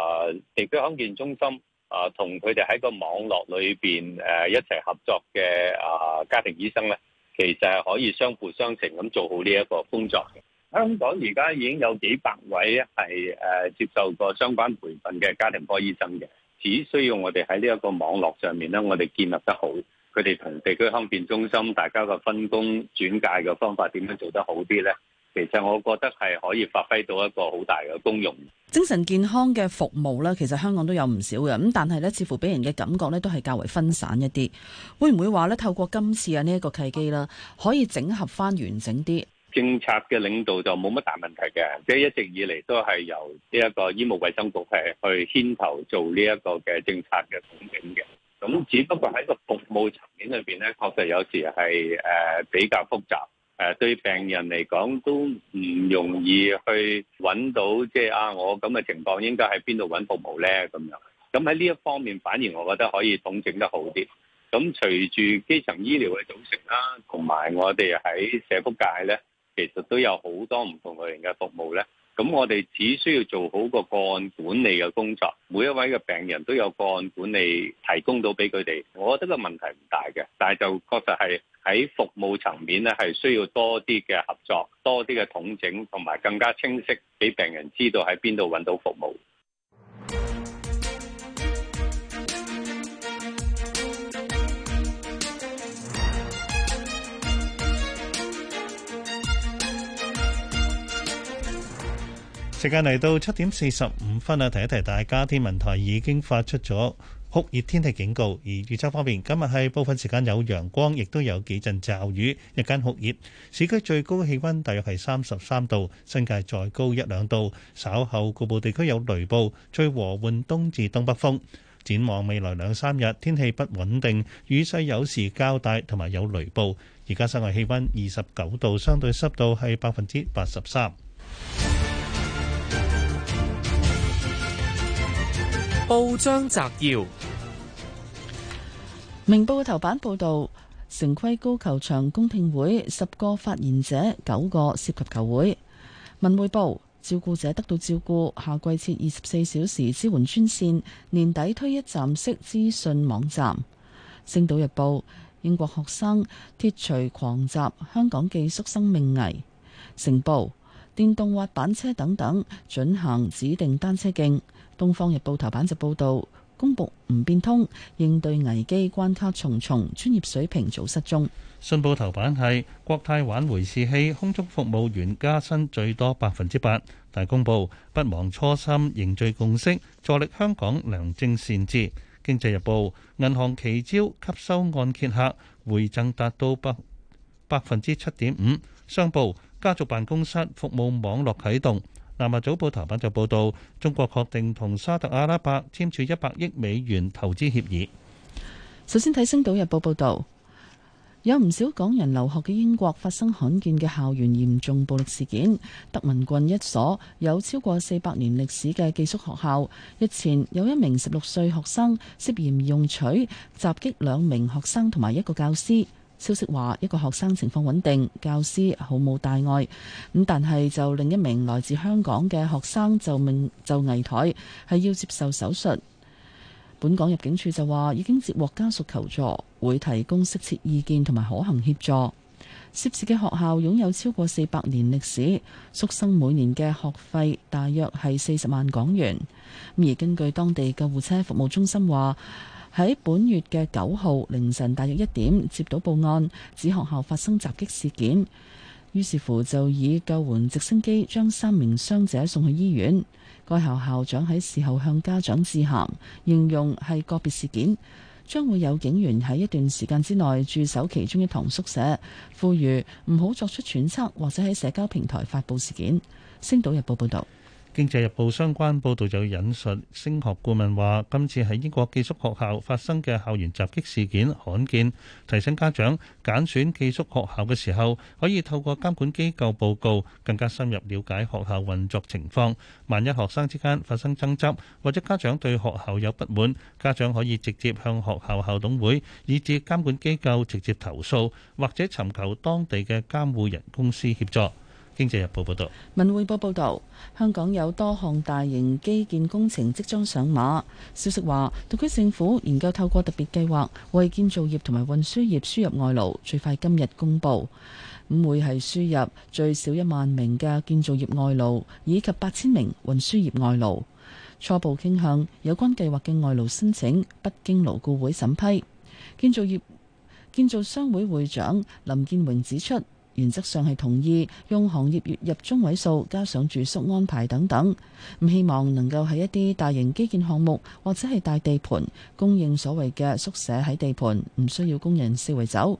地區康健中心啊，同佢哋喺個網絡裏邊誒一齊合作嘅啊家庭醫生咧，其實係可以相輔相成咁做好呢一個工作嘅。香港而家已經有幾百位係誒接受過相關培訓嘅家庭科醫生嘅，只需要我哋喺呢一個網絡上面咧，我哋建立得好。佢哋同地區康健中心大家嘅分工轉介嘅方法點樣做得好啲咧？其實我覺得係可以發揮到一個好大嘅功用。精神健康嘅服務咧，其實香港都有唔少嘅，咁但係咧，似乎俾人嘅感覺咧都係較為分散一啲。會唔會話咧，透過今次啊呢一個契機啦，可以整合翻完整啲？政策嘅領導就冇乜大問題嘅，即係一直以嚟都係由呢一個醫務衛生局係去牽頭做呢一個嘅政策嘅統整嘅。咁只不過喺個服務層面裏邊咧，確實有時係誒、呃、比較複雜，誒、呃、對病人嚟講都唔容易去揾到，即、就、係、是、啊，我咁嘅情況應該喺邊度揾服務咧咁樣。咁喺呢一方面，反而我覺得可以統整得好啲。咁隨住基層醫療嘅組成啦，同埋我哋喺社福界咧，其實都有好多唔同類型嘅服務咧。咁我哋只需要做好個個案管理嘅工作，每一位嘅病人都有個案管理提供到俾佢哋，我覺得個問題唔大嘅，但係就確實係喺服務層面咧，係需要多啲嘅合作，多啲嘅統整，同埋更加清晰俾病人知道喺邊度揾到服務。時間嚟到七點四十五分啊！提一提大家，天文台已經發出咗酷熱天氣警告。而預測方面，今日係部分時間有陽光，亦都有幾陣驟雨，日間酷熱。市區最高氣溫大約係三十三度，新界再高一兩度。稍後局部地區有雷暴，吹和緩東至東北風。展望未來兩三日天氣不穩定，雨勢有時較大，同埋有雷暴。而家室外氣溫二十九度，相對濕度係百分之八十三。報章摘要：明報嘅頭版報道，城規高球場公聽會，十個發言者，九個涉及球會。文匯報：照顧者得到照顧，夏季設二十四小時支援專線，年底推一站式資訊網站。星島日報：英國學生鐵錘狂襲，香港寄宿生命危。成報：電動滑板車等等准行指定單車徑。《東方日報》頭版就報道，公佈唔變通，應對危機，關卡重重，專業水平早失蹤。《信報》頭版係國泰挽回士氣，空中服務員加薪最多百分之八。大公報不忘初心，凝聚共識，助力香港良政善治。《經濟日報》銀行奇招吸收按揭客，回贈達到百百分之七點五。商報家族辦公室服務網絡啟動。《南華早報》頭版就報道，中國確定同沙特阿拉伯簽署一百億美元投資協議。首先睇《星島日報》報道，有唔少港人留學嘅英國發生罕見嘅校園嚴重暴力事件。德文郡一所有超過四百年歷史嘅寄宿學校，日前有一名十六歲學生涉嫌用錘襲擊兩名學生同埋一個教師。消息話，一個學生情況穩定，教師毫無大礙。咁但係就另一名來自香港嘅學生就命就危殆，係要接受手術。本港入境處就話已經接獲家屬求助，會提供適切意見同埋可行協助。涉事嘅學校擁有超過四百年歷史，宿生每年嘅學費大約係四十萬港元。而根據當地救護車服務中心話，喺本月嘅九號凌晨大約一點接到報案，指學校發生襲擊事件，於是乎就以救援直升機將三名傷者送去醫院。該校校長喺事後向家長致函，形容係個別事件，將會有警員喺一段時間之內駐守其中一堂宿舍，呼籲唔好作出揣測或者喺社交平台發布事件。星島日報報導。經濟日報相關報道就引述,升學顧問話,今次喺英國寄宿學校發生嘅校園襲擊事件,罕見。提醒家長,揀選寄宿學校嘅時候,可以透過監管機構報告,更加深入了解學校運作情況。萬一學生之間發生爭執,或者家長對學校有不滿,家長可以直接向學校校董會,以至監管機構直接投訴,或者尋求當地嘅監護人公司協助。經濟日報報道，文匯報報道，香港有多項大型基建工程即將上馬。消息話，特區政府研究透過特別計劃為建造業同埋運輸業輸入外勞，最快今日公布。咁會係輸入最少一萬名嘅建造業外勞，以及八千名運輸業外勞。初步傾向有關計劃嘅外勞申請，不經勞顧會審批。建造業建造商會會長林建榮指出。原則上係同意用行業月入中位數加上住宿安排等等，咁希望能夠喺一啲大型基建項目或者係大地盤供應所謂嘅宿舍喺地盤，唔需要工人四圍走。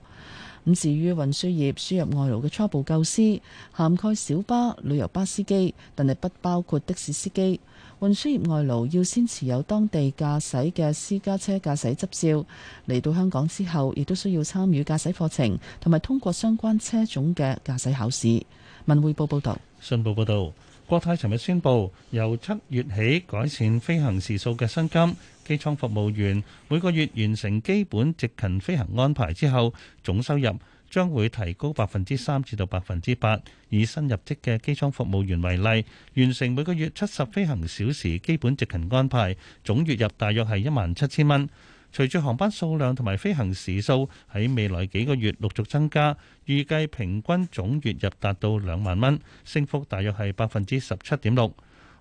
咁至於運輸業輸入外勞嘅初步構思，涵蓋小巴、旅遊巴司機，但係不包括的士司機。運輸業外勞要先持有當地駕駛嘅私家車駕駛執照，嚟到香港之後，亦都需要參與駕駛課程，同埋通過相關車種嘅駕駛考試。文匯報報導，信報報導，國泰尋日宣布，由七月起改善飛行時數嘅薪金，機艙服務員每個月完成基本直勤飛行安排之後，總收入。將會提高百分之三至到百分之八。以新入職嘅機艙服務員為例，完成每個月七十飛行小時基本值勤安排，總月入大約係一萬七千蚊。隨住航班數量同埋飛行時數喺未來幾個月陸續增加，預計平均總月入達到兩萬蚊，升幅大約係百分之十七點六。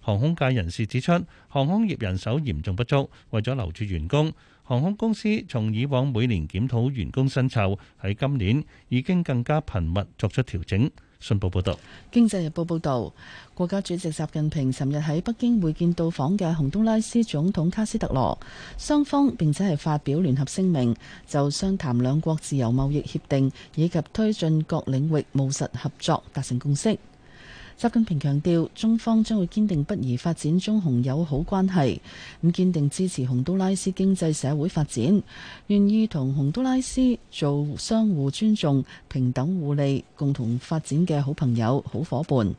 航空界人士指出，航空業人手嚴重不足，為咗留住員工。航空公司從以往每年檢討員工薪酬，喺今年已經更加頻密作出調整。信報報導，《經濟日報》報導，國家主席習近平尋日喺北京會見到訪嘅洪都拉斯總統卡斯特羅，雙方並且係發表聯合聲明，就商談兩國自由貿易協定以及推進各領域務實合作達成共識。習近平強調，中方將會堅定不移發展中洪友好關係，咁堅定支持洪都拉斯經濟社會發展，願意同洪都拉斯做相互尊重、平等互利、共同發展嘅好朋友、好夥伴。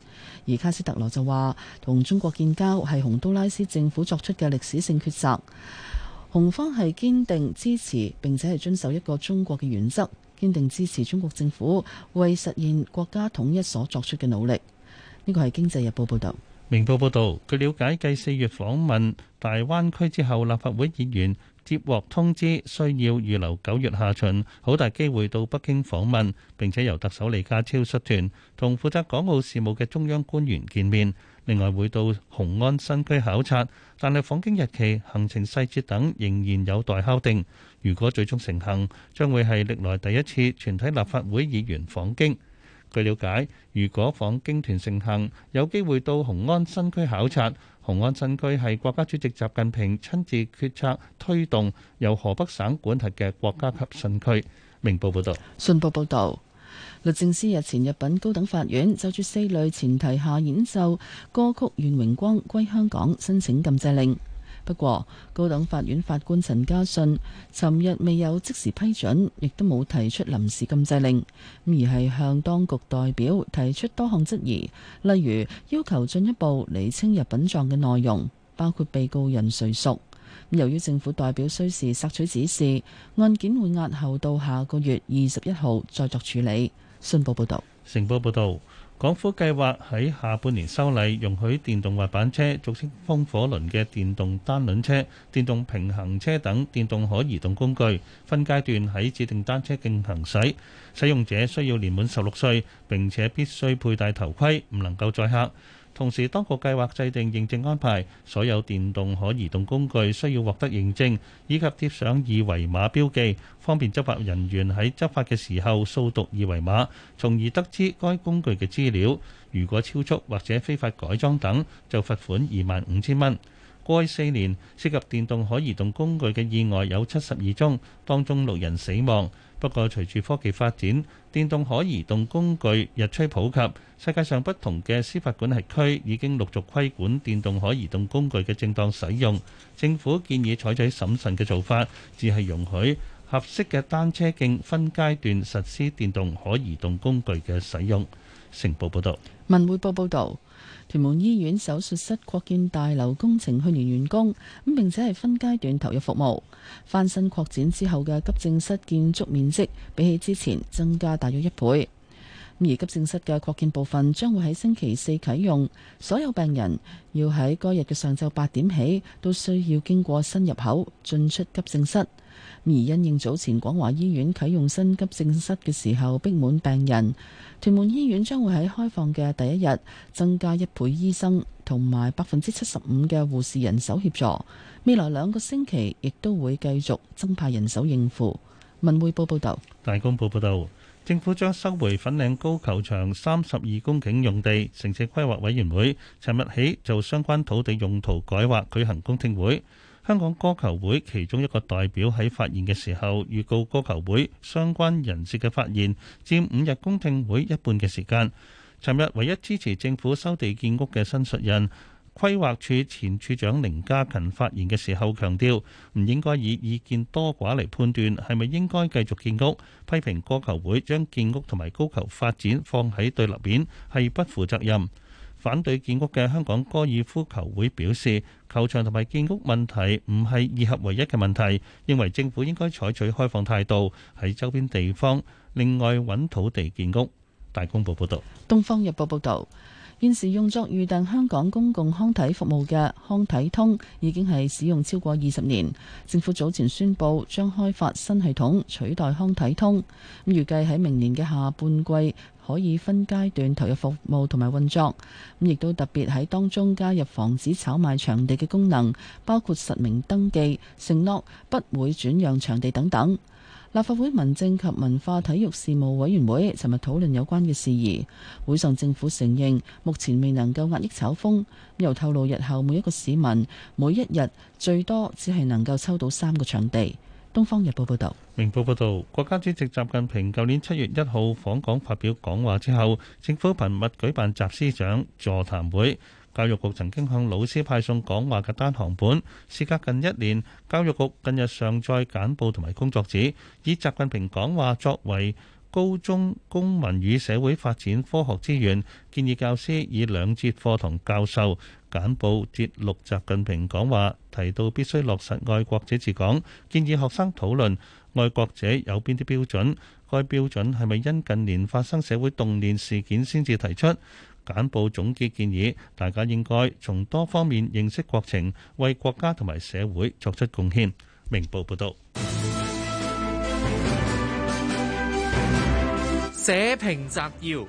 而卡斯特羅就話，同中國建交係洪都拉斯政府作出嘅歷史性抉擇，洪方係堅定支持，並且係遵守一個中國嘅原則，堅定支持中國政府為實現國家統一所作出嘅努力。呢個係《經濟日報》報導，《明報》報導。據瞭解，繼四月訪問大灣區之後，立法會議員接獲通知，需要預留九月下旬，好大機會到北京訪問，並且由特首李家超率團同負責港澳事務嘅中央官員見面。另外會到雄安新區考察，但係訪京日期、行程細節等仍然有待敲定。如果最終成行，將會係歷來第一次全體立法會議員訪京。據了解，如果訪京團成行，有機會到雄安新區考察。雄安新區係國家主席習近平親自決策推動，由河北省管轄嘅國家級新區。明報報道，信報報道，律政司日前入稟高等法院，就住四類前提下演奏歌曲願榮光歸香港申請禁制令。不過，高等法院法官陳家信尋日未有即時批准，亦都冇提出臨時禁制令，而係向當局代表提出多項質疑，例如要求進一步釐清入稟狀嘅內容，包括被告人誰屬。由於政府代表需時索取指示，案件會押後到下個月二十一號再作處理。信報報導，港府計劃喺下半年修例，容許電動滑板車（俗稱風火輪）嘅電動單輪車、電動平衡車等電動可移動工具，分階段喺指定單車徑行駛。使用者需要年滿十六歲，並且必須佩戴頭盔，唔能夠載客。同時，當局計劃制定認證安排，所有電動可移動工具需要獲得認證，以及貼上二維碼標記，方便執法人員喺執法嘅時候掃讀二維碼，從而得知該工具嘅資料。如果超速或者非法改裝等，就罰款二萬五千蚊。過去四年涉及電動可移動工具嘅意外有七十二宗，當中六人死亡。不過，隨住科技發展，電動可移動工具日趨普及，世界上不同嘅司法管轄區已經陸續規管電動可移動工具嘅正當使用。政府建議採取審慎嘅做法，只係容許合適嘅單車徑分階段實施電動可移動工具嘅使用。《成報》報道。文匯報報導。屯門醫院手術室擴建大樓工程去年完工，咁並且係分階段投入服務。翻新擴展之後嘅急症室建築面積比起之前增加大約一倍。而急症室嘅擴建部分將會喺星期四啟用，所有病人要喺該日嘅上晝八點起都需要經過新入口進出急症室。而因應早前廣華醫院啟用新急症室嘅時候，逼滿病人，屯門醫院將會喺開放嘅第一日增加一倍醫生同埋百分之七十五嘅護士人手協助。未來兩個星期亦都會繼續增派人手應付。文匯報報道。大公報報道，政府將收回粉嶺高球場三十二公頃用地，城市規劃委員會尋日起就相關土地用途改劃舉行公聽會。香港高球會其中一個代表喺發言嘅時候預告，高球會相關人士嘅發言佔五日公聽會一半嘅時間。尋日唯一支持政府收地建屋嘅新述人，規劃署前署長凌嘉勤發言嘅時候強調，唔應該以意見多寡嚟判斷係咪應該繼續建屋，批評高球會將建屋同埋高球發展放喺對立面係不負責任。反對建屋嘅香港高爾夫球會表示，球場同埋建屋問題唔係二合為一嘅問題，認為政府應該採取開放態度，喺周邊地方另外揾土地建屋。大公報報道，東方日報報道，現時用作預訂香港公共康體服務嘅康體通已經係使用超過二十年，政府早前宣布將開發新系統取代康體通，咁預計喺明年嘅下半季，可以分階段投入服務同埋運作，咁亦都特別喺當中加入防止炒賣場地嘅功能，包括實名登記、承諾不會轉讓場地等等。立法會民政及文化體育事務委員會尋日討論有關嘅事宜，會上政府承認目前未能夠壓抑炒風，又透露日後每一個市民每一日最多只係能夠抽到三個場地。東方日報報道，明報報道，國家主席習近平舊年七月一號訪港發表講話之後，政府頻密舉辦習師長座談會。教育局曾經向老師派送講話嘅單行本，事隔近一年，教育局近日上載簡報同埋工作紙，以習近平講話作為。高中公民與社會發展科學資源建議教師以兩節課堂教授簡報節錄習近平講話，提到必須落實愛國者治港，建議學生討論愛國者有邊啲標準，該標準係咪因近年發生社會動亂事件先至提出？簡報總結建議大家應該從多方面認識國情，為國家同埋社會作出貢獻。明報報道。社評摘要：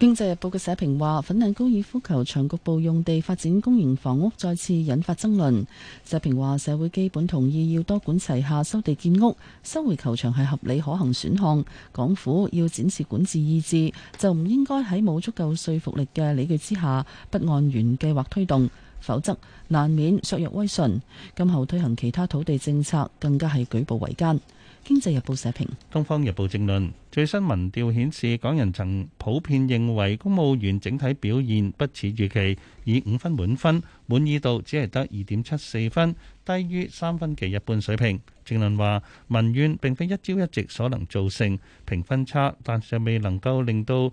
經濟日報嘅社評話，粉嶺高爾夫球場局部用地發展公營房屋再次引發爭論。社評話，社會基本同意要多管齊下收地建屋，收回球場係合理可行選項。港府要展示管治意志，就唔應該喺冇足夠說服力嘅理據之下，不按原計劃推動，否則難免削弱威信。今後推行其他土地政策，更加係舉步維艱。《經濟日報》社評，《東方日報》政論最新民調顯示，港人曾普遍認為公務員整體表現不似預期，以五分滿分，滿意度只係得二點七四分，低於三分嘅一半水平。政論話：民怨並非一朝一夕所能造成，評分差，但尚未能夠令到。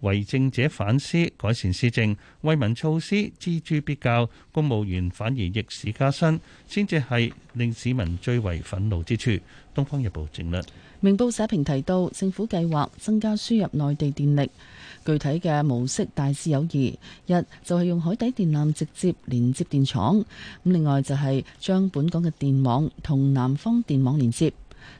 為政者反思改善施政，為民措施錙銖必較，公務員反而逆市加薪，先至係令市民最為憤怒之處。《東方日報》正論。明報社評提到，政府計劃增加輸入內地電力，具體嘅模式大致有二：一就係用海底電纜直接連接電廠，咁另外就係將本港嘅電網同南方電網連接。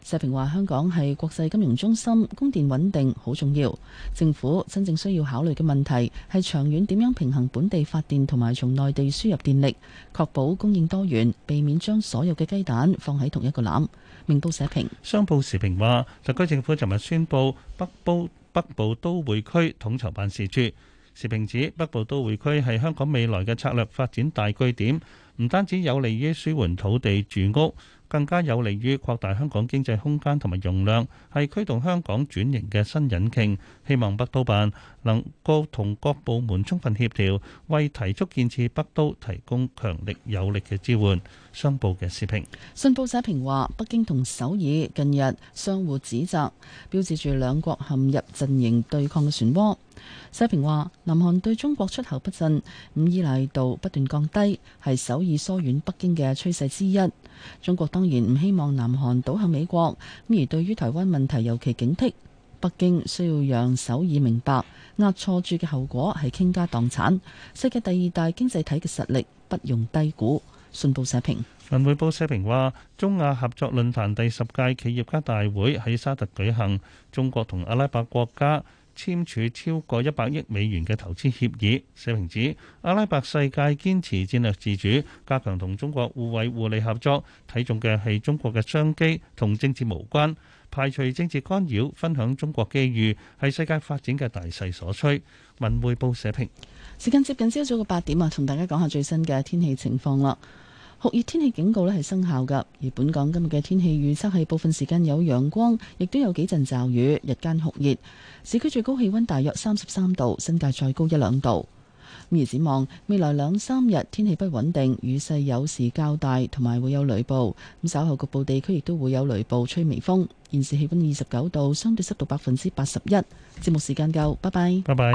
社評話：香港係國際金融中心，供電穩定好重要。政府真正需要考慮嘅問題係長遠點樣平衡本地發電同埋從內地輸入電力，確保供應多元，避免將所有嘅雞蛋放喺同一個籃。明報社評。商報時評話：特區政府尋日宣布北部北部都會區統籌辦事處。時評指北部都會區係香港未來嘅策略發展大據點，唔單止有利於舒緩土地住屋。更加有利於擴大香港經濟空間同埋容量，係驅動香港轉型嘅新引擎。希望北都辦。能夠同各部門充分協調，為提速建設北都提供強力有力嘅支援。商報嘅社評，信報社評話北京同首爾近日相互指責，標誌住兩國陷入陣營對抗嘅漩渦。社評話南韓對中國出口不振，咁依賴度不斷降低，係首爾疏遠北京嘅趨勢之一。中國當然唔希望南韓倒向美國，咁而對於台灣問題尤其警惕。北京需要讓首爾明白押錯注嘅後果係傾家蕩產。世界第二大經濟體嘅實力不容低估。信報社評，《文匯報》社評話：中亞合作論壇第十屆企業家大會喺沙特舉行，中國同阿拉伯國家簽署超過一百億美元嘅投資協議。社評指，阿拉伯世界堅持戰略自主，加強同中國互惠互利合作，睇重嘅係中國嘅商機，同政治無關。排除政治干擾，分享中國機遇，係世界發展嘅大勢所趨。文匯報社評。時間接近朝早嘅八點啊，同大家講下最新嘅天氣情況啦。酷熱天氣警告咧係生效噶，而本港今日嘅天氣預測係部分時間有陽光，亦都有幾陣驟雨，日間酷熱，市區最高氣温大約三十三度，新界再高一兩度。咁而展望未來兩三日天氣不穩定，雨勢有時較大，同埋會有雷暴。咁稍後局部地區亦都會有雷暴，吹微風。現時氣溫二十九度，相對濕度百分之八十一。節目時間夠，拜拜。拜拜。